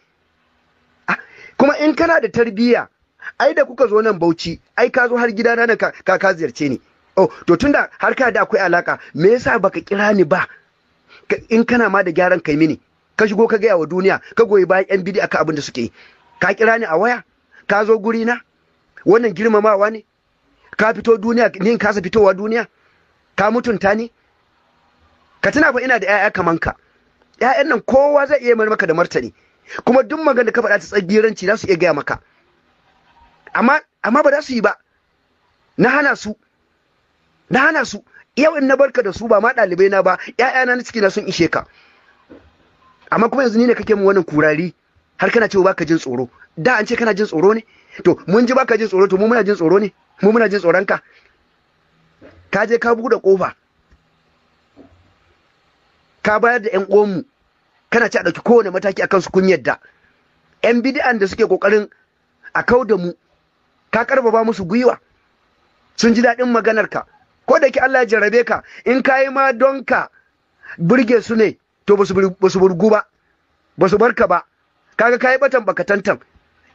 ah, kuma in kana da tarbiyya ai da kuka zo nan Bauchi ai ka zo har gidana nan ka ka ziyarce ni oh to da har ka da akwai alaka me yasa baka kira ni ba in kana ma da gyaran kai mini ka shigo ka gaya wa duniya ka goyi bayan yan bidi aka abin da suke ka kira ni a waya ka zo guri na wannan girmamawa ne ka fito duniya ni in kasa fitowa duniya ka mutunta ni ka tuna fa ina da 'ya'ya kaman ka ƴaƴan nan kowa zai iya maka da martani kuma duk magana da ka faɗa ta tsagiranci za su iya gaya maka amma amma ba za su yi ba na hana su na hana su yau in na barka da su ba ma ɗalibai na ba ƴaƴana na ciki na sun ishe ka amma kuma yanzu ni ne kake min wannan kurari har kana cewa baka jin tsoro da an ce kana jin tsoro ne to mun ji baka jin tsoro to mu muna jin tsoro ne mu muna jin tsoron ka ka je ka buɗe kofa ka bayar da ƴan uwanmu kana ci a ɗauki kowane mataki akan su kun yadda ƴan bidi'an da suke ƙoƙarin a kau da mu ka karba ba musu gwiwa sun ji daɗin maganar ka. ko da ke Allah ya jarrabe ka in kayi ma don ka burge su ne to ba su burgu ba ba barka ba kaga kayi batan baka tantan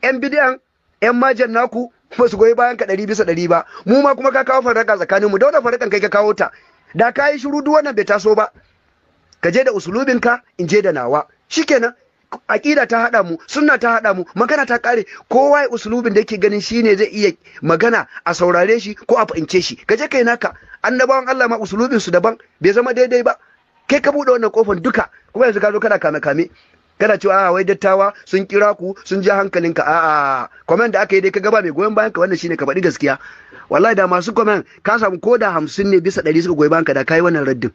yan bidiyan yan majan naku ba su goyi bayan ka ɗari bisa ɗari ba mu ma kuma ka kawo faraka tsakanin mu da wannan farakan kai ka kawo ta da kayi shiru duk wannan bai taso ba ka je da usulubinka in je da nawa shikenan aƙida ta haɗa mu sunna ta haɗa mu magana ta ƙare kowa ya usulubin da yake ganin shine zai iya magana a saurare shi ko a fahimce shi gaje kai naka annabawan Allah ma usulubin su daban bai zama daidai ba kai ka buɗe wannan kofar duka kuma yanzu ka zo kana kame kame kana cewa a wai dattawa sun kira ku sun ja hankalinka a'a comment da aka yi dai ka gaba mai goyon bayan ka wannan shine ka faɗi gaskiya wallahi da masu comment ka samu ko da hamsin ne bisa ɗari suka goyi bayan ka da kayi wannan raddin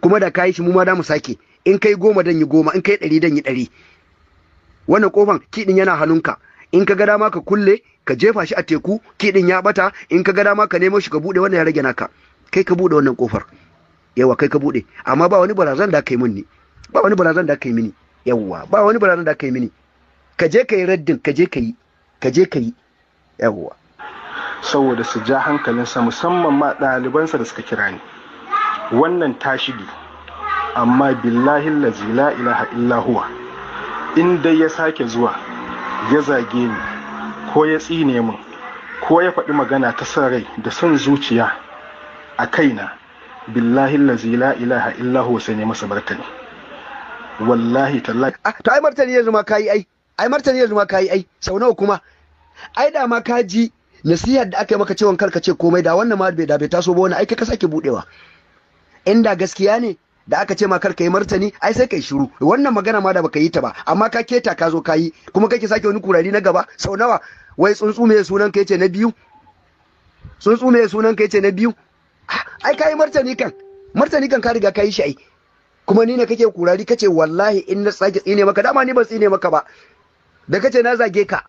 kuma da kayi shi mu ma da mu sake in kai goma dan yi goma in kai ɗari dan yi ɗari wannan kofan kiɗin yana hannunka in ka ga dama ka kulle ka jefa shi a teku kiɗin ya bata in ka ga dama ka nemo shi ka buɗe wannan ya rage naka kai ka buɗe wannan kofar yawa kai ka buɗe amma ba wani barazan da kai mini ba wani barazan da kai mini yawa ba wani barazan da kai mini ka je ka yi raddin ka je ka yi ka je ka yi yawa saboda su ja hankalinsa musamman ma ɗalibansa da suka kira ni wannan tashigi amma billahi lazi la ilaha illa huwa in dai ya sake zuwa ya zage ni ko ya tsine min ko ya faɗi magana ta son rai da son zuciya a kaina billahi lazi la ilaha illa huwa sai ne masa martani wallahi tallahi ah, to ai martani yanzu ma kayi ai ai martani yanzu ma kayi ai sau nawa kuma ai da ma kaji nasihar da aka yi maka cewa karka ce komai da wannan ma bai da bai taso ba wani ai ka sake budewa inda gaskiya ne da aka ce ma kar kai martani ai sai kai shiru wannan magana ma da baka yi ta ba amma ka keta ka zo ka yi kuma kake sake wani kurari na gaba sau nawa wai tsuntsu me sunan ka yace na biyu tsuntsu mai sunan ka yace na biyu ah, ai kai martani kan martani kan ka riga ka yi shi ai kuma ni ne kake kurari kace wallahi in na sake tsine maka dama ni ban tsine maka ba da kace na zage ka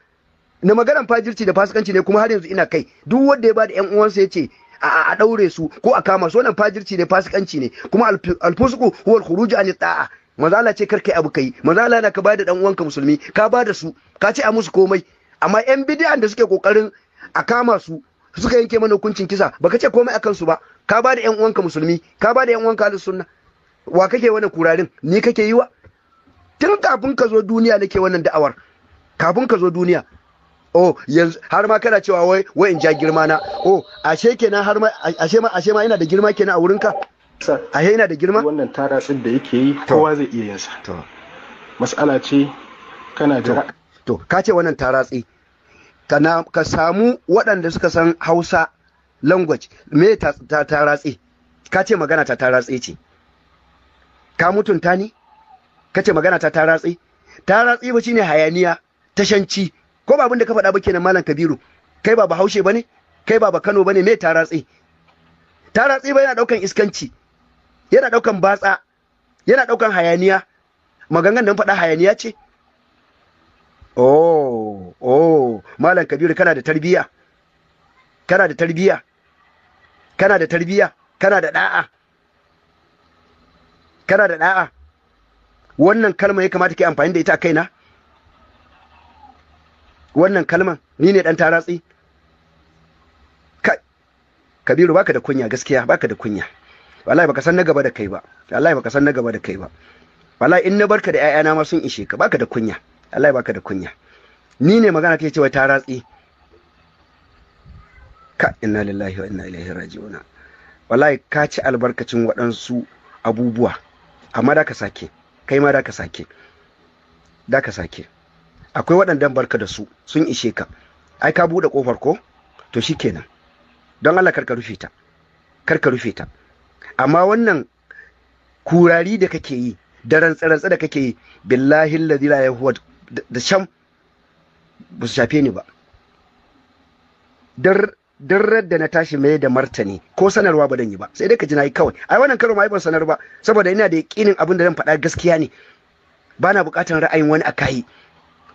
na maganan fajirci da fasikanci ne kuma har yanzu ina kai duk wanda ya bada yan uwansa yace a daure su ko a kama su wannan fajirci ne fasikanci ne kuma alfusuku huwal khuruju an ta'a Mazala ce kar kai abu kai mazala na ka bada dan uwanka musulmi ka bada su ka ce a musu komai amma yan bidiyan da suke kokarin a kama su suka yanke mana hukuncin kisa baka ce komai akan su ba ka bada yan uwanka musulmi ka bada yan uwanka da sunna wa kake wannan kurarin ni kake yi wa tun kafin ka zo duniya nake wannan da'awar kafin ka zo duniya oh yanzu har ma kana cewa wai wai in ja girma na oh ashe kenan har ma ashe ma ashe ma ina da girma kenan a wurinka ashe ina da girma wannan taratsin da yake yi kowa zai iya yin sa to mas'ala ce kana da to ka ce wannan tsi kana ka samu waɗanda suka san Hausa language me ta tsi ka ce magana ta taratsi ce ka mutunta ni ka ce magana ta taratsi taratsi ba shine hayaniya tashanci ko ba abin da ka faɗa ba kenan malam kabiru kai ba bahaushe bane kai ba kano bane me taratse taratse ba yana daukan iskanci yana daukan batsa yana daukan hayaniya magangan nan faɗa hayaniya ce oh oh malam kabiru kana da tarbiya kana da tarbiya kana da tarbiya kana da da'a kana da da'a wannan kalma ya kamata ke amfani da ita a kaina wannan kalman ni ne dan taratsi kabiru baka da kunya gaskiya baka da kunya wallahi baka san na gaba da kai ba wallahi baka san na gaba da kai ba wallahi in na barka da ƴaƴana ma sun ishe ka baka da kunya wallahi baka da kunya ni ne magana ta cewa ta ratsi ka inna lillahi wa inna ilaihi raji'un wallahi ka ci albarkacin waɗansu abubuwa amma da ka sake kai ma da ka sake da ka sake akwai waɗanda barka da su sun ishe ka ai ka buɗe ƙofar ko to shikenan don Allah karka rufe ta karka rufe ta amma wannan kurari da kake yi da rantsa-rantsa da kake yi billahi ladila la yahwa da sham ba su shafe ni ba don da na tashi mai da martani ko sanarwa ba dan yi ba sai dai ka ji na kawai ai wannan karo ma ban sanar ba saboda ina da yakinin abin da zan faɗa gaskiya ne Bana na buƙatar ra'ayin wani a kayi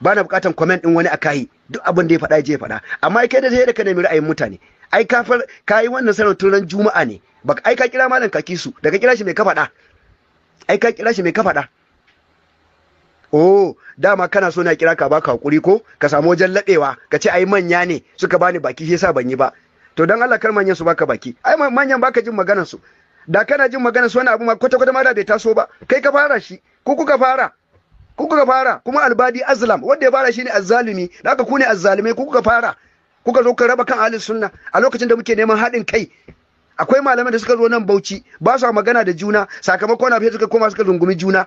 ba na bukatan comment din wani a kai duk abin da ya faɗa je ya faɗa amma kai da sai da ka nemi ra'ayin mutane ai ka far kai wannan sanar tun ran juma'a ne ba ai ka kira malam kaki su daga kira shi mai ka faɗa ai ka kira shi mai ka faɗa oh dama kana so na kira ka baka hakuri ko ka samu wajen ladewa ka ce ai manya ne suka bani baki shi yasa ban yi ba to dan Allah kar manyan su baka baki ai manyan baka jin maganar su da kana jin maganar su wani abu ma kwata kwata ma da bai taso ba kai ka fara shi ko kuka fara ku kuka fara kuma albadi azlam wanda ya fara shine azzalimi Da ku ne azzalimai ku kuka fara kuka zo ka raba kan ahli sunna a lokacin da muke neman haɗin kai akwai malaman da suka zo nan Bauchi ba su magana da juna sakamakon abin suka koma suka zungumi juna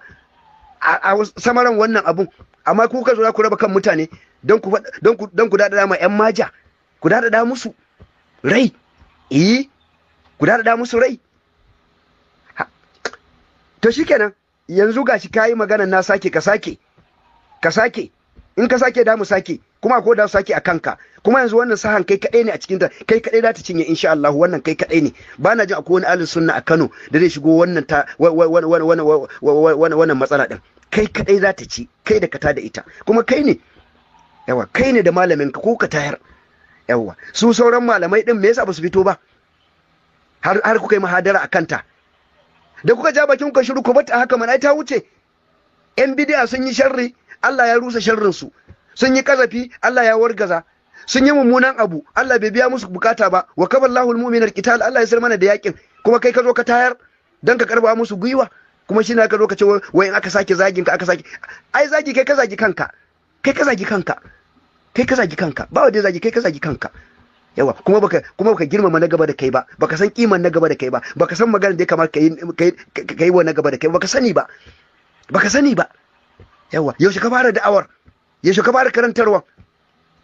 a samaran wannan abun amma ku kuka zo ku raba kan mutane don ku don ku don ku dada ma yan maja ku da musu rai eh ku da musu rai to shikenan yanzu gashi kayi magana na sake ka sake ka sake in ka sake da mu sake kuma ko da su sake a kanka kuma yanzu wannan sahan kai kadai ne a cikin ta kai kadai za ta cinye insha Allah wannan kai kadai ne ba na jin akwai wani ahlus sunna a Kano da zai shigo wannan ta wannan matsala din kai kadai za ta ci kai da ka ta da ita kuma kai ne yawa kai ne da malamin ka ko ka tayar yawa su sauran malamai din me yasa ba su fito ba har har kuka yi mahadara a kanta da kuka ja bakin ku shiru ku bata haka mana ta wuce yan bidiya sun yi sharri Allah ya rusa sharrin su sun yi kazafi Allah ya wargaza sun yi mummunan abu Allah bai biya musu bukata ba wa kaballahu muminar qital Allah ya mana da yakin kuma kai ka zo ka tayar dan ka karba musu gwiwa kuma shi ne ka zo ka ce wai in aka sake zagin ka aka sake ai zagi kai ka zagi kanka kai ka zagi kanka kai ka zagi kanka ba dai zagi kai ka zagi kanka yawa kuma baka kuma baka girmama na gaba da kai ba baka san kiman na gaba da kai ba baka san magana da ya kamata kai kai wa na gaba da kai baka sani ba baka sani ba yawa yaushe ka fara da'awar yaushe ka fara karantarwa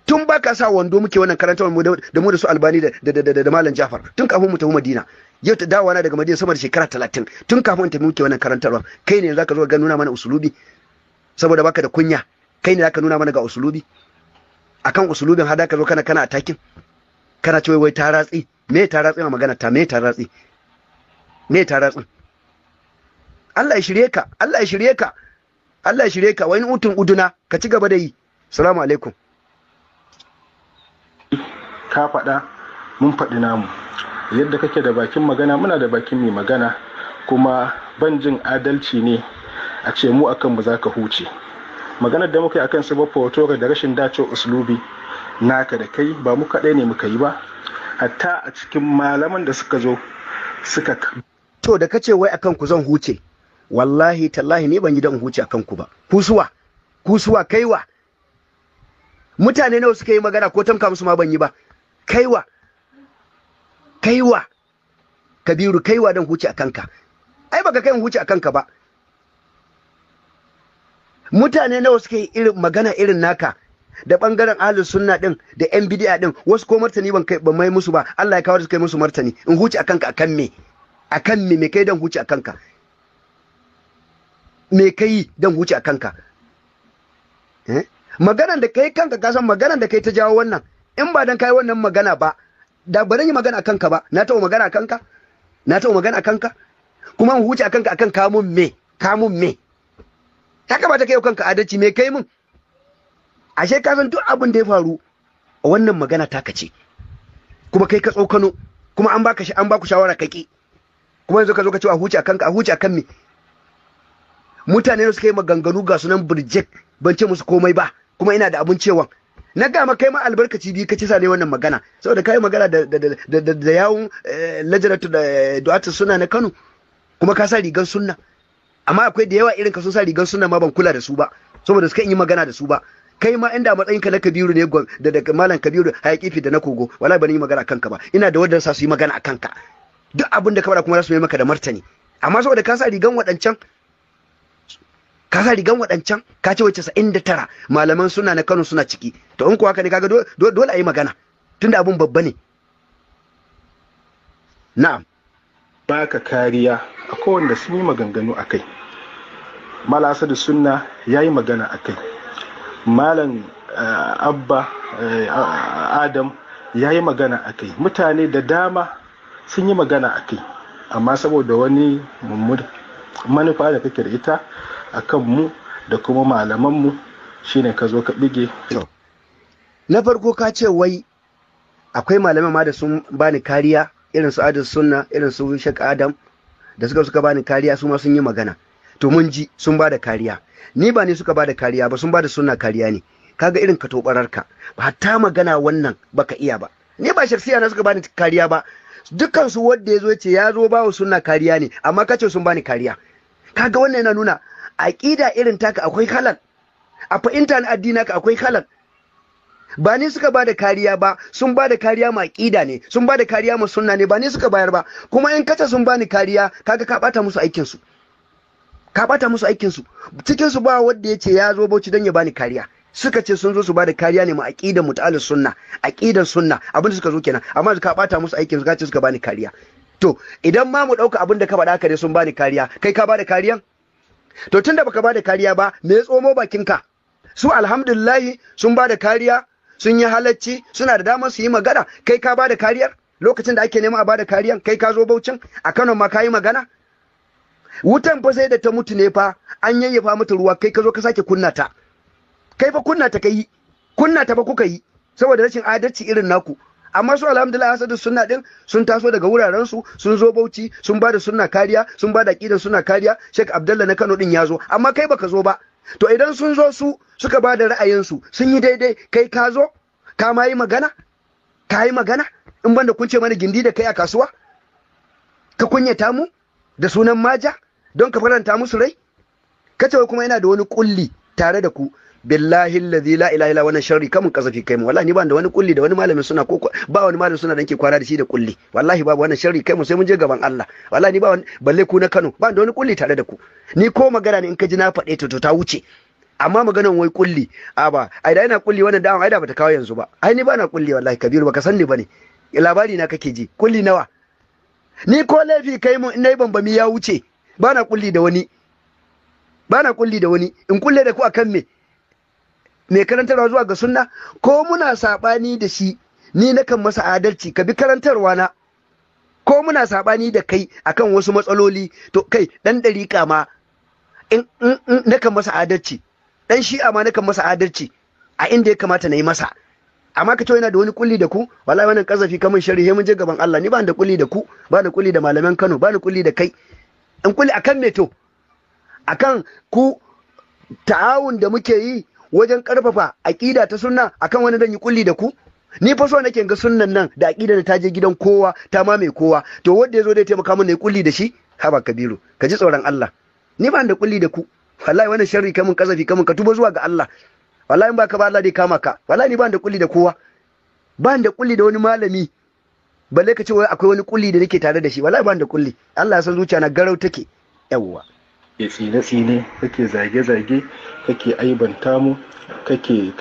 tun baka sa wando muke wannan karantarwa mu da mu da su albani da da da malam jafar tun kafin mu tafi madina yau ta dawana na daga madina sama da shekara talatin tun kafin ta muke wannan karantarwa kai ne zaka zo ga nuna mana usulubi saboda baka da kunya kai ne zaka nuna mana ga usulubi akan usulubin hada ka zo kana kana atakin kana cewa wai ta ratsi me ta ratsi magana ta me ta ratsi me ta ratsi Allah ya shirye ka Allah ya shirye ka Allah ya shirye ka wani utun uduna ka ci gaba da yi salamu alaikum ka faɗa mun faɗi namu yadda kake da bakin magana muna da bakin mai magana kuma ban jin adalci ne a ce mu akan mu za ka huce maganar da muka yi akan sabbin ba da rashin dace uslubi naka da kai ba mu kaɗai ne muka yi ba hatta a cikin malaman da suka zo suka to da kace wai akan ku zan huce wallahi tallahi ne ban yi dan huce akan ku ba kusuwa kusuwa kaiwa mutane nawa suka yi magana ko tamka musu ma ban yi ba kaiwa kaiwa kabiru kaiwa dan huce akan ka ai baka kai huce akan ka ba mutane nawa suka yi irin magana irin naka da bangaren ahlus sunna din da yan bid'a din wasu ko martani ban kai ban mai musu ba Allah ya kawo su kai musu martani in huce akan ka akan me akan me me kai dan huce akan ka me kai dan huce akan ka eh maganar da kai kanka ka san maganar da kai ta jawo wannan in ba dan kai wannan magana ba da ba yi magana akan ka ba na tawo magana akan ka na tawo magana akan ka kuma in huce akan ka akan kamun me kamun me ta kamata kai kanka adalci me kai mun ashe ka san duk abin da ya faru a wannan magana ta ce kuma kai ka tsokano kuma an baka an baku shawara kake kuma yanzu ka zo ka ce a huce a kanka a huce akan me mutane ne suka yi maganganu ga sunan birjek ban ce musu komai ba kuma ina da abun cewa na ga ma kai ma albarkaci biyu kace sa ne wannan magana saboda kai magana da da da yawun eh, lajaratu da eh, du'atu suna na Kano kuma ka sa rigan sunna amma akwai da yawa irin ka sun sa rigan sunna ma ban kula da su ba saboda suka yi magana da su ba kai ma inda matsayinka na kabiru ne da daga malam kabiru fi da na kogo wallahi ban yi magana kanka ba ina da wanda sa su yi magana akan ka duk abin da ka fara kuma za su yi maka da martani amma saboda ka sa rigan waɗancan ka sa rigan waɗancan ka ce wacce sa, inda tara malaman suna na kano suna ciki to in kuwa ka ne kaga dole a yi magana tunda abin babba ne na'am baka kariya a kowanne sun yi maganganu a kai da sunna ya yi magana a kai malam eh, abba eh, adam ya yi magana a kai mutane da dama sun yi magana a kai amma saboda wani manufa da kake da ita a kan mu da kuma malamanmu shine ka zo ka bige na farko ka ce wai akwai malamai ma da sun bani kariya irin su adis sunna irin su shek adam da suka suka bani kariya su ma sun yi magana to mun ji sun bada kariya ni ba ne suka bada kariya ba sun bada suna kariya ne kaga irin ka ka ba ta magana wannan baka iya ba ni ba sharsiya na suka bani kariya ba dukkan su wanda yazo ce ya zo bawo sunna kariya ne amma kace sun bani kariya kaga wannan yana nuna aqida irin taka akwai halal a fahimta na addina ka akwai halal ba ni suka bada kariya ba sun bada kariya ma aqida ne sun bada kariya ma sunna ne ba ni suka bayar ba kuma in kace sun bani kariya kaga ka bata musu aikin su ka bata musu aikin su cikin su ba wanda ya ce ya zo Bauchi dan ya bani kariya suka ce sun zo su bada kariya ne mu aqidar mutalis sunna aqidar sunna abin da suka zo kenan amma ka bata musu aikin su ka ce suka bani kariya to idan ma mu dauka abinda ka faɗa ka ne sun bani kariya kai ka bada kariyan to tunda baka bada kariya ba me ya tsomo bakin ka su alhamdulillah sun bada kariya sun yi halacci suna da damar su yi magana kai ka bada kariyar lokacin da ake nema a bada kariyan kai ka zo baucin a Kano ma ka yi magana wutan fa sai da ta mutu ne fa an yayyafa mata ruwa kai ka zo ka sake kunna ta kai fa kunna ta kai kunna ta fa kuka yi saboda rashin adalci irin naku amma su alhamdulillah asadu sunna din sun taso daga wuraren su sun zo Bauchi sun bada sunna kariya sun bada kidan sunna kariya Sheikh abdullahi na Kano din ya zo amma kai baka zo ba to idan sun zo su suka bada ra'ayin su sun yi daidai kai ka zo ka ma yi magana ka yi magana in banda kun ce mana gindi da kai a kasuwa ka kunyata mu da sunan maja don ka faranta musu rai kace wai kuma yana da wani kulli tare da ku billahi allazi la ilaha illa wannan sharri kamun kasafi kai mu wallahi ni ban da wani kulli da wani malamin suna ko ba wani malamin suna da yake kwana da shi da kulli wallahi babu wannan sharri kai mu sai mun je gaban Allah wallahi ni ba wani balle ku na Kano Ba da wani kulli tare da ku ni ko magana ne in ka ji na faɗe to ta wuce amma maganan wai kulli a ba ai da ina kulli wannan dawon ai da bata kawo yanzu ba ai ni ba na kulli wallahi kabiru baka san ni bane labari na kake ji kulli nawa ni ko laifi kai mun in nayi bambami ya wuce bana kulli da wani bana kulli da wani in kulle da ku akan me Me karantarwa zuwa ga sunna ko muna saɓani da shi ni nakan masa adalci ka bi karantarwa na ko muna sabani da kai akan wasu matsaloli to kai ɗan ɗariƙa ma in nakan masa adalci ɗan shi'a ma nakan masa adalci a inda ya kamata na yi masa amma ka ce yana da wani kulli da ku wallahi wannan kazafi kamun sharhi mun je gaban Allah ni ba da kulli da ku ba da kulli da malaman Kano ba da kulli da kai in kulli akan me to akan ku ta'awun da muke yi wajen karfafa aqida ta sunna akan wani dan yi kulli da ku ni fa so nake ga sunnan nan da aqida ta je gidan kowa ta mame kowa to wanda yazo zai taimaka mun ne kulli da shi haba kabiru ka ji tsoron Allah ni ba da kulli da ku wallahi wannan sharri kamun kazafi kamun ka tuba zuwa ga Allah wallahi in ka ba Allah zai kama ka wallahi ni ba da kulli da kowa ba da kulli da wani malami balle ka ce wai akwai wani kulli da nake tare da shi wallahi ba da kulli Allah ya san zuciya na garau take yawwa ke tsine-tsine kake zage-zage kake aibanta mu kake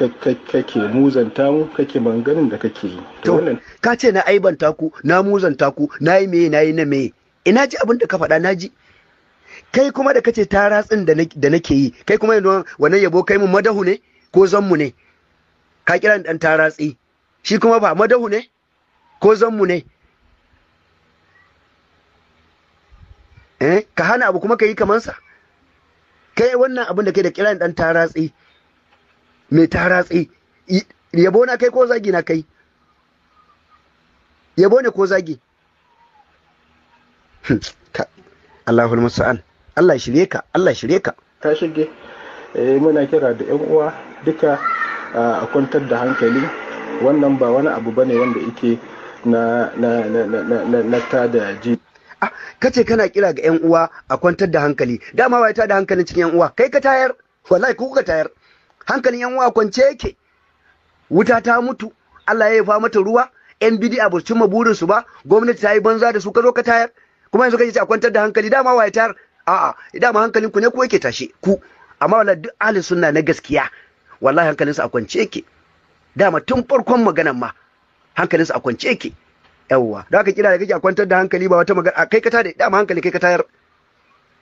kake muzanta mu kake manganin da kake yi to ka ce na aibanta ku na muzanta ku na yi meye na yi na meye ina ji abin da ka faɗa na ji kai kuma da kace ta ratsin da nake yi kai kuma yanzu wannan yabo kai mun madahu ne ko zanmu ne ka kira ni dan taratsi shi kuma ba madahu ne ko zanmu ne eh ka hana abu kuma ka yi kamansa kai wannan abin da kai da kira ni dan taratsi mai taratsi yabo na kai ko zagi na kai yabo ne ko zagi hmm, Allahul musta'an Allah shirye ka Allah shirye ka ta shige eh, muna kira da yan uwa duka a kwantar da hankali wannan ba wani abu bane wanda yake na na na na na ta da ji ah kace kana kira ga yan uwa a kwantar da hankali dama wai ta da hankalin cikin yan uwa kai ka tayar wallahi ku ka tayar hankalin yan uwa kwance yake wuta ta mutu Allah ya yafa mata ruwa yan bidi'a ba su cimma burin su ba gwamnati ta yi banza da su ka zo ka tayar kuma yanzu kace a kwantar da hankali dama waye tayar a'a dama hankalin ku ne ku yake tashe ku amma wallahi duk ahli sunna na gaskiya wallahi hankalinsu a kwance yake dama tun farkon maganan ma hankalinsu a kwance yake yawwa da aka kira da kake a kwantar da hankali ba wata magana kai ka tada dama hankali kai ka tayar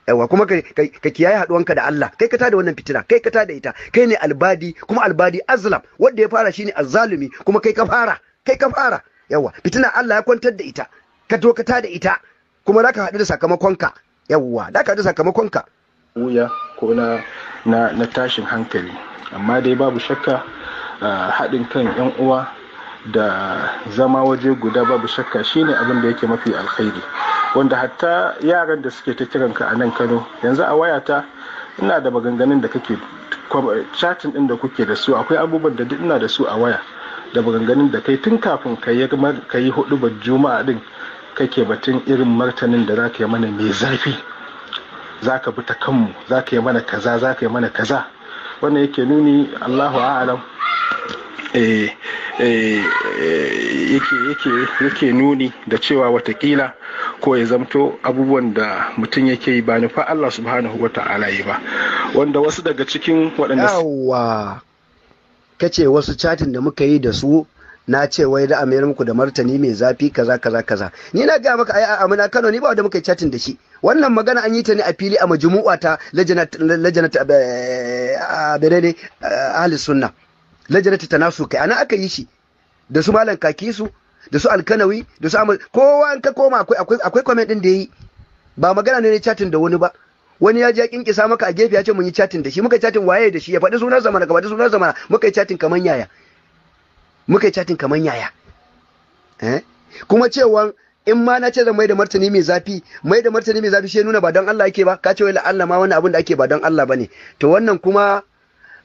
yawwa kuma ka kiyaye haduwanka da Allah kai ka tada wannan fitina kai ka tada ita kai ne albadi kuma albadi azlam wanda ya fara shine azzalumi kuma kai ka fara kai ka fara yawwa fitina Allah ya kwantar da ita ka to ka tada ita kuma zaka haɗu da sakamakonka yawwa zaka haɗu sakamakonka wuya ko na na tashin hankali amma dai babu shakka haɗin kan 'yan uwa da zama waje guda babu shakka shine abin da yake mafi alkhairi wanda hatta yaran da suke ta kiranka a nan kano yanzu a wayata ina da maganganun da kake chatin din da kuke da su akwai abubuwan da duk ina da su a waya da maganganun da kai tun kafin ka yi hudu ba juma'a din kake batun irin martanin da zaka yi mana mai zafi zaka bi ta kanmu za ka yi mana kaza za ka yi mana kaza wannan yake nuni allahu a'alam eh, eh, eh, yake nuni da cewa watakila ko ya zamto abubuwan da mutum yake yi ba nufa Allah subhanahu wa ta'ala yi ba wanda wasu daga cikin waɗanda yawa kace wasu chatin da muka yi da su na ce wai da amir muku da martani mai zafi kaza kaza kaza ni na ga maka ai a amina Kano ni ba wanda muka yi chatting da shi wannan magana an yi ta ne a fili a majmu'a ta lajanat a benene eh, ah, eh, ahli sunna lajanat tanasu kai ana aka yi shi da su malam kakisu da su alkanawi da su kowa an ka koma akwai akwai comment din da yi ba magana ne ne chatting da wani ba wani ya je kinkisa maka a gefe ya ce mun yi chatting da shi muka chatting waye da shi ya faɗi sunan zamana ka faɗi sunan zamana muka yi chatting kaman yaya muka yi chatin kamar yaya eh? kuma cewa in ma na ce zan mai da martani mai zafi mai da martani mai zafi shi nuna ba don Allah yake ba ka ce wai Allah ma wannan abin da ake ba don Allah bane to wannan kuma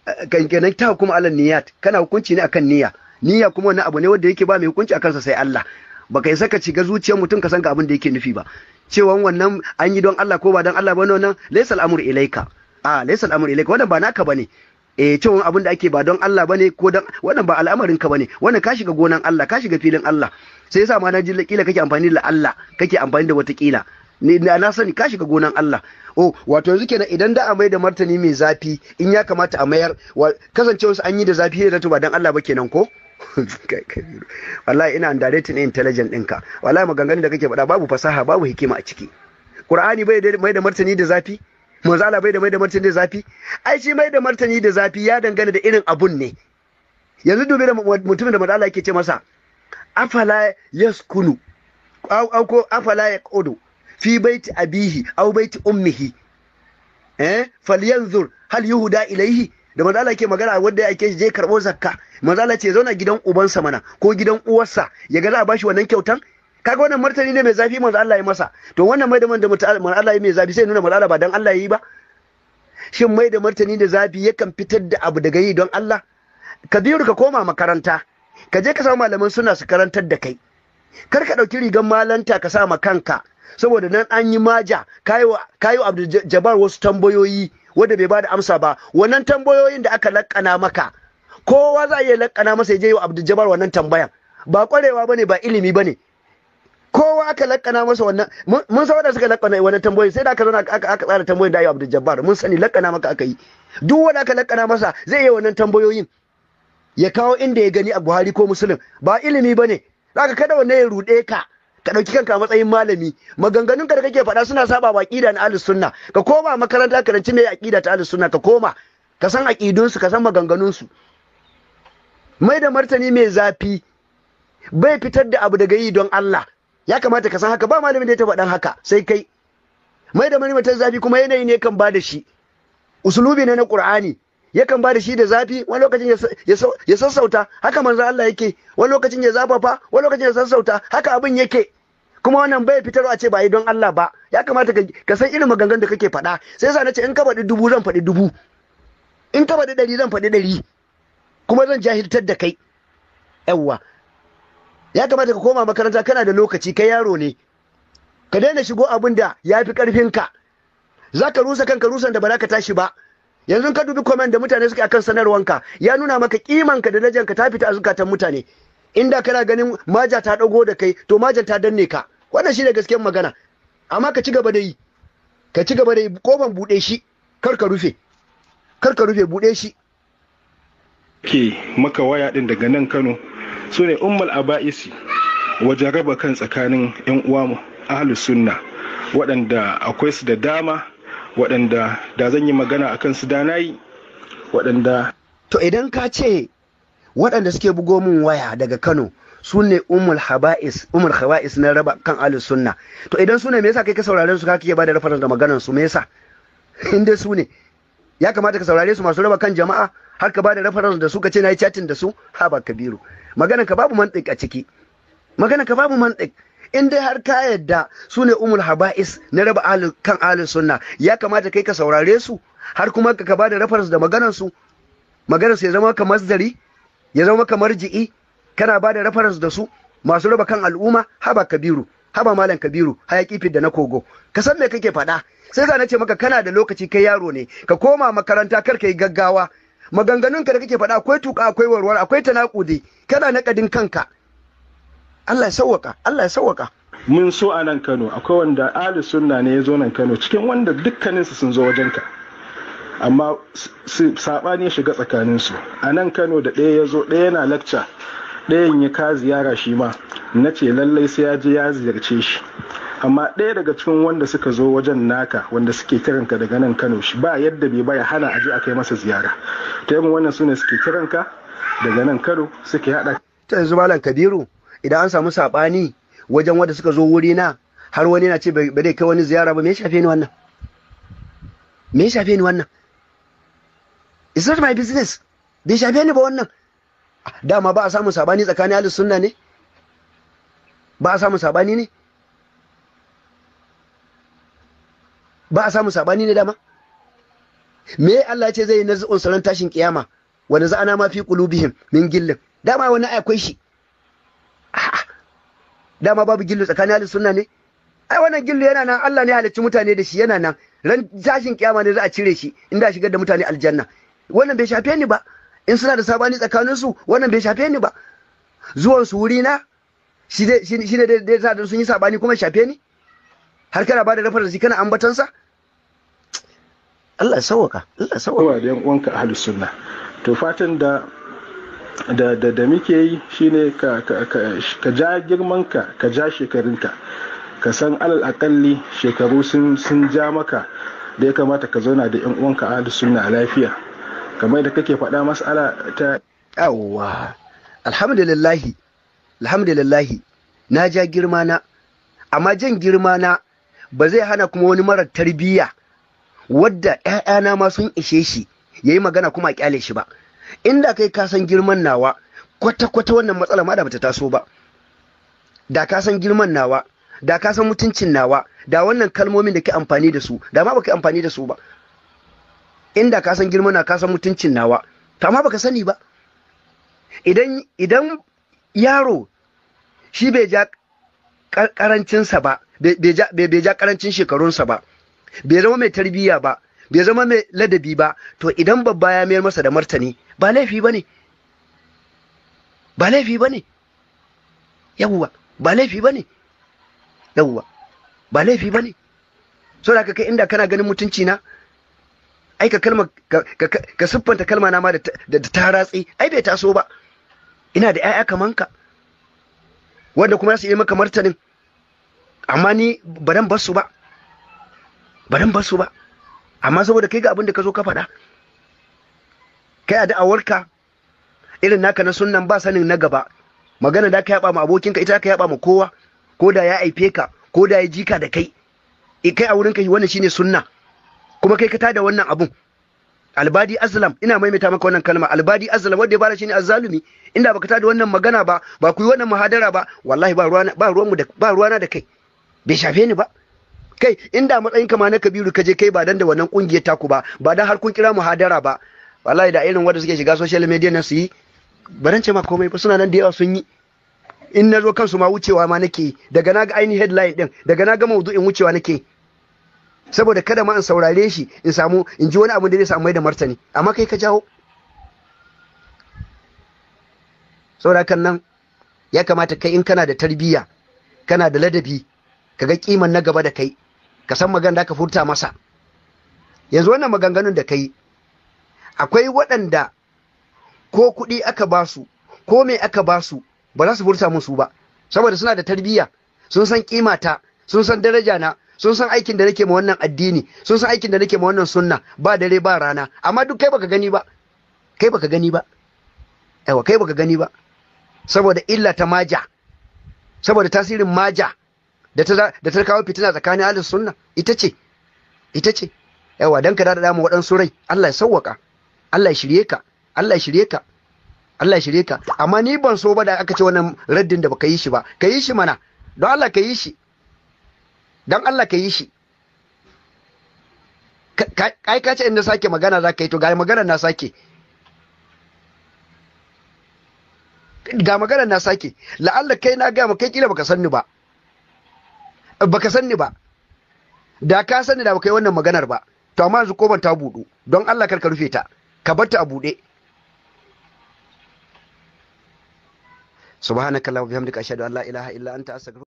eh, kankanan ta hukuma alal niyyat kana hukunci ne akan niyya niyya kuma wani abu ne wanda yake ba mai hukunci akan sa sai Allah baka yi saka shiga zuciyar mutum ka san ga abin da yake nufi ba cewa wannan an yi don Allah ko ba don Allah bane wannan laysal amru ilaika a ah, laysal amru ilaika wannan ba naka bane eh cewa abin da ake ba don Allah bane ko don wannan ba al'amarin ka bane wannan ka shiga gonan Allah ka shiga filin Allah sai yasa ma na ji kila kake amfani da Allah kake amfani da wata kila ni na sani ka shiga gonan Allah oh wato yanzu kenan idan da a mai da martani mai zafi in ya kamata a mayar kasancewa an yi da zafi da ba dan Allah ba kenan ko wallahi ina underrating intelligent ɗinka wallahi maganganun da kake faɗa babu fasaha babu hikima a ciki Qur'ani bai mai da martani da zafi manzo Allah bai da mai da martani da zafi ai shi mai da martani da zafi ya dangana da irin abun ne yanzu dubi da mutumin da manzo Allah yake ce masa afala yaskunu ko afala yaqudu fi baiti abihi bai baiti ummihi eh falyanzur hal yuhda ilaihi da manzo Allah ke magana wanda yake je karbo zakka manzo Allah ce zauna gidan ubansa mana ko gidan uwarsa ya ga za a bashi wannan kyautan kaga wannan martani ne mai zafi manzo Allah ya masa to wannan mai da manzo Allah ya mai zafi sai nuna manzo Allah ba dan Allah yi ba shin mai da martani da zafi yakan fitar da abu daga yi don Allah Kabiru ka koma makaranta ka je ka samu malaman suna su karantar da kai kar ka ɗauki rigar malanta ka sa ma kanka saboda nan an yi maja kayo abdul jabbar wasu tambayoyi wanda bai bada amsa ba wannan tambayoyin da aka lakana maka kowa za a iya lakana masa ya je wa abdul jabbar wannan tambayan ba kwarewa bane ba ilimi bane kowa aka lakana masa wannan mun san wanda suka lakana wannan tamboyin sai da aka zauna aka tsara tambayoyin da ayi Abdul Jabbar mun sani lakana maka aka yi duk wanda aka lakana masa zai yi wannan tambayoyin ya kawo inda ya gani a Buhari ko Muslim ba ilimi ba bane zaka kada wannan ya rude ka ka ɗauki kanka a matsayin malami maganganun ka da kake faɗa suna saba wa aqida na ahlus sunna ka koma makaranta karanci me aqida ta ahlus sunna ka koma ka san aqidun su ka san maganganun su mai da martani mai zafi bai fitar da abu daga yi don Allah ya kamata ka san haka ba malamin da ya taba ɗan haka sai kai mai da matar zafi kuma yanayi ne kan ba shi usulubi ne na qur'ani yakan ba da shi da zafi wani lokacin ya sassauta haka manzo Allah yake wani lokacin ya zafafa wani lokacin ya sassauta haka abin yake kuma wannan bai fitarwa a ce ba don Allah ba ya kamata ka san irin maganganun da kake faɗa sai yasa nace in ka faɗi dubu zan faɗi dubu in ka faɗi ɗari zan faɗi ɗari kuma zan jahiltar da kai yawwa ya kamata ka koma makaranta kana da lokaci kai yaro ne ka daina shigo abin da ya fi ƙarfinka za ka rusa kanka rusan da ba za ka tashi ba yanzu ka dubi komen da mutane suke akan sanarwanka ya nuna maka kimanka da ka ta fita a zukatan mutane inda kana ganin maja ta dago da kai to majan ta danne ka wannan shine gaskiyar magana amma ka ci gaba da yi ka ci gaba da yi koban bude shi kar ka rufe kar ka rufe bude shi ke maka waya din daga nan Kano su ne ummal aba'isi wajen raba kan tsakanin 'yan uwa ahlus sunna waɗanda akwai su da dama waɗanda da zan yi magana a kansu da na yi waɗanda to idan ka ce waɗanda suke bugo min waya daga kano su ne umar haba'is haba'is na raba kan ahlus sunna to idan su ne me yasa kai ka sauraren su kake ba da reference da maganar su me yasa in dai su ne ya kamata ka saurare su masu raba kan jama'a har ka bada reference da su ka ce na yi chatting da su ha ba kabiru maganar ka babu mantik a ciki maganar ka babu mantik in dai har ka yadda su ne umul haba'is na raba kan alin sunna ya kamata kai ka saurare su har kuma ka ba da reference da maganar su maganar su ya zama kamar zari ya zama kamar ji'i kana bada da reference da su masu raba kan al'umma haba kabiru haba malam kabiru hayaki fit da na kogo ka san me kake faɗa sai ka ce maka kana da lokaci kai yaro ne ka koma makaranta kar ka yi gaggawa maganganunka da kake faɗa akwai tuka akwai warwar akwai tanakudi kana ƙadin kanka Allah ya sauwaka Allah ya sauwaka mun so a nan Kano akwai wanda Ali sunna ne ya zo nan Kano cikin wanda dukkanin su sun zo wajenka amma sabani ya shiga tsakanin su a nan Kano da ɗaya ya zo ɗaya yana lecture ɗayan ya ka ziyara shi ma na ce lallai sai ya je ya ziyarce shi amma ɗaya daga cikin wanda suka zo wajen naka wanda suke kiranka daga nan kano shi ba yadda bai baya hana aje a kai masa ziyara ta yin wannan ne suke kiranka daga nan kano suke haɗa ta yanzu malam kabiru idan an samu saɓani wajen wanda suka zo wuri na har wani na ce ba zai kai wani ziyara ba me shafe ni wannan me shafe ni wannan Is not my business bai shafe ni ba wannan dama ba a samun saɓani tsakanin alisunna ne ba a samun saɓani ne ba a samu sabani ne dama me Allah ya ce zai na zuun saran tashin kiyama wanda naza'ana ma fi qulubihim min gillin dama wani akwai shi dama babu gillu tsakanin ahlus sunna ne ai wannan gillu yana nan Allah ne halicci mutane da shi yana nan ran tashin kiyama ne za a cire shi inda shigar da mutane aljanna wannan bai shafe ni ba in suna da sabani tsakanin su wannan bai shafe ni ba zuwan su wuri na shi ne dai sun yi sabani kuma shafe ni har kana ba da shi kana ambatansa Allah sauwaka Allah sauwaka da yan uwanka ahlus sunna to fatan da da da, da muke yi shine ka ka, ka, ka ja girmanka ka ja shekarunka ka san alal akalli shekaru sun sun ja maka da ya kamata ka zauna da yan uwanka ahlus sunna lafiya kamar da kake faɗa mas'ala ta yawwa alhamdulillahi alhamdulillahi na ja girma na amma jan girma na ba zai hana kuma wani marar tarbiyya wadda ‘ya'yana ma sun ishe shi ya yi magana kuma a kyale shi ba inda kai ka san girman nawa kwata-kwata wannan matsala ma da bata taso ba da ka san girman nawa da ka san mutuncin nawa da wannan kalmomin da ke amfani da su da ma baka amfani da su ba inda ka san girman na ka san mutuncin nawa to amma baka sani ba idan idan yaro shi bai ja karancinsa ba bai ja karancin shekarunsa ba bai zama mai tarbiyya ba bai zama mai ladabi ba to idan babba ya mayar masa da martani ba laifi ba ne ba laifi ba ne yawwa ba laifi ba ne yawwa ba laifi ba ne so da kai inda kana ganin mutunci na ai ka kalma ka siffanta kalma na ma da ta ratsi ai bai taso ba ina da 'ya'ya kaman ka wanda kuma za su yi maka martani, amma ni ba dan bar ba Ba ba su ba amma saboda kai ga abin da ka zo ka faɗa kai a da'awarka irin naka na sunnan ba sanin na gaba magana da ka yaba ma abokinka ita ka yaba ma kowa ko da ya aife ka ko da ya jika da kai e kai a ka wannan shine sunna kuma kai ka tada wannan abun albadi azlam ina maimaita maka wannan kalma albadi azlam wanda ya bara shine azzalumi inda baka tada wannan magana ba ba ku yi wannan muhadara ba wallahi ba ruwana ba ruwanmu da ba ruwana da kai bai shafe ni ba kai inda matsayin kama na kabiru ka je kai ba dan da wannan kungiyar taku ba ba dan har kun kira mu hadara ba wallahi da irin wanda suke shiga social media na su yi baran ce ma komai ba suna nan da yawa sun yi in na zo kansu ma wucewa ma nake daga na ga ainihin headline din daga na ga in wucewa nake saboda kada ma in saurare shi in samu in ji wani abin da zai samu mai da martani amma kai ka jawo saurakan nan ya kamata kai in kana da tarbiyya kana da ladabi kaga kiman na gaba da kai ka san magan da ka furta masa yanzu wannan maganganun da ka yi akwai waɗanda ko kuɗi aka ba su ko me aka ba su ba za su furta musu ba saboda suna da tarbiyya sun san kimata sun san daraja na sun san aikin da nake ma wannan addini sun san aikin da nake ma wannan sunna ba dare ba rana amma duk kai baka gani ba kai baka gani ba aiwa kai baka gani ba saboda illa ta maja saboda tasirin maja da ta kawo fitina tsakanin ahlus sunna ita ce ita ce yawa dan ka dada mu waɗansu rai Allah ya sauwaka Allah ya shirye ka Allah ya shirye ka Allah ya shirye ka amma ni ban so ba da aka ce wannan raddin da baka yi shi ba ka yi shi mana don Allah ka yi shi don Allah ka yi shi kai ka ce inda sake magana za ka yi to ga magana na sake ga magana na sake la'alla kai na gaya ma kai kila baka sanni ba baka san ni ba da ka san ni da baka yi wannan maganar ba to amma yanzu koban ta budu don Allah kar ka rufe ta ka bar ta a bude subhanakallahumma bihamdika ashhadu an la ilaha illa anta astaghfiruka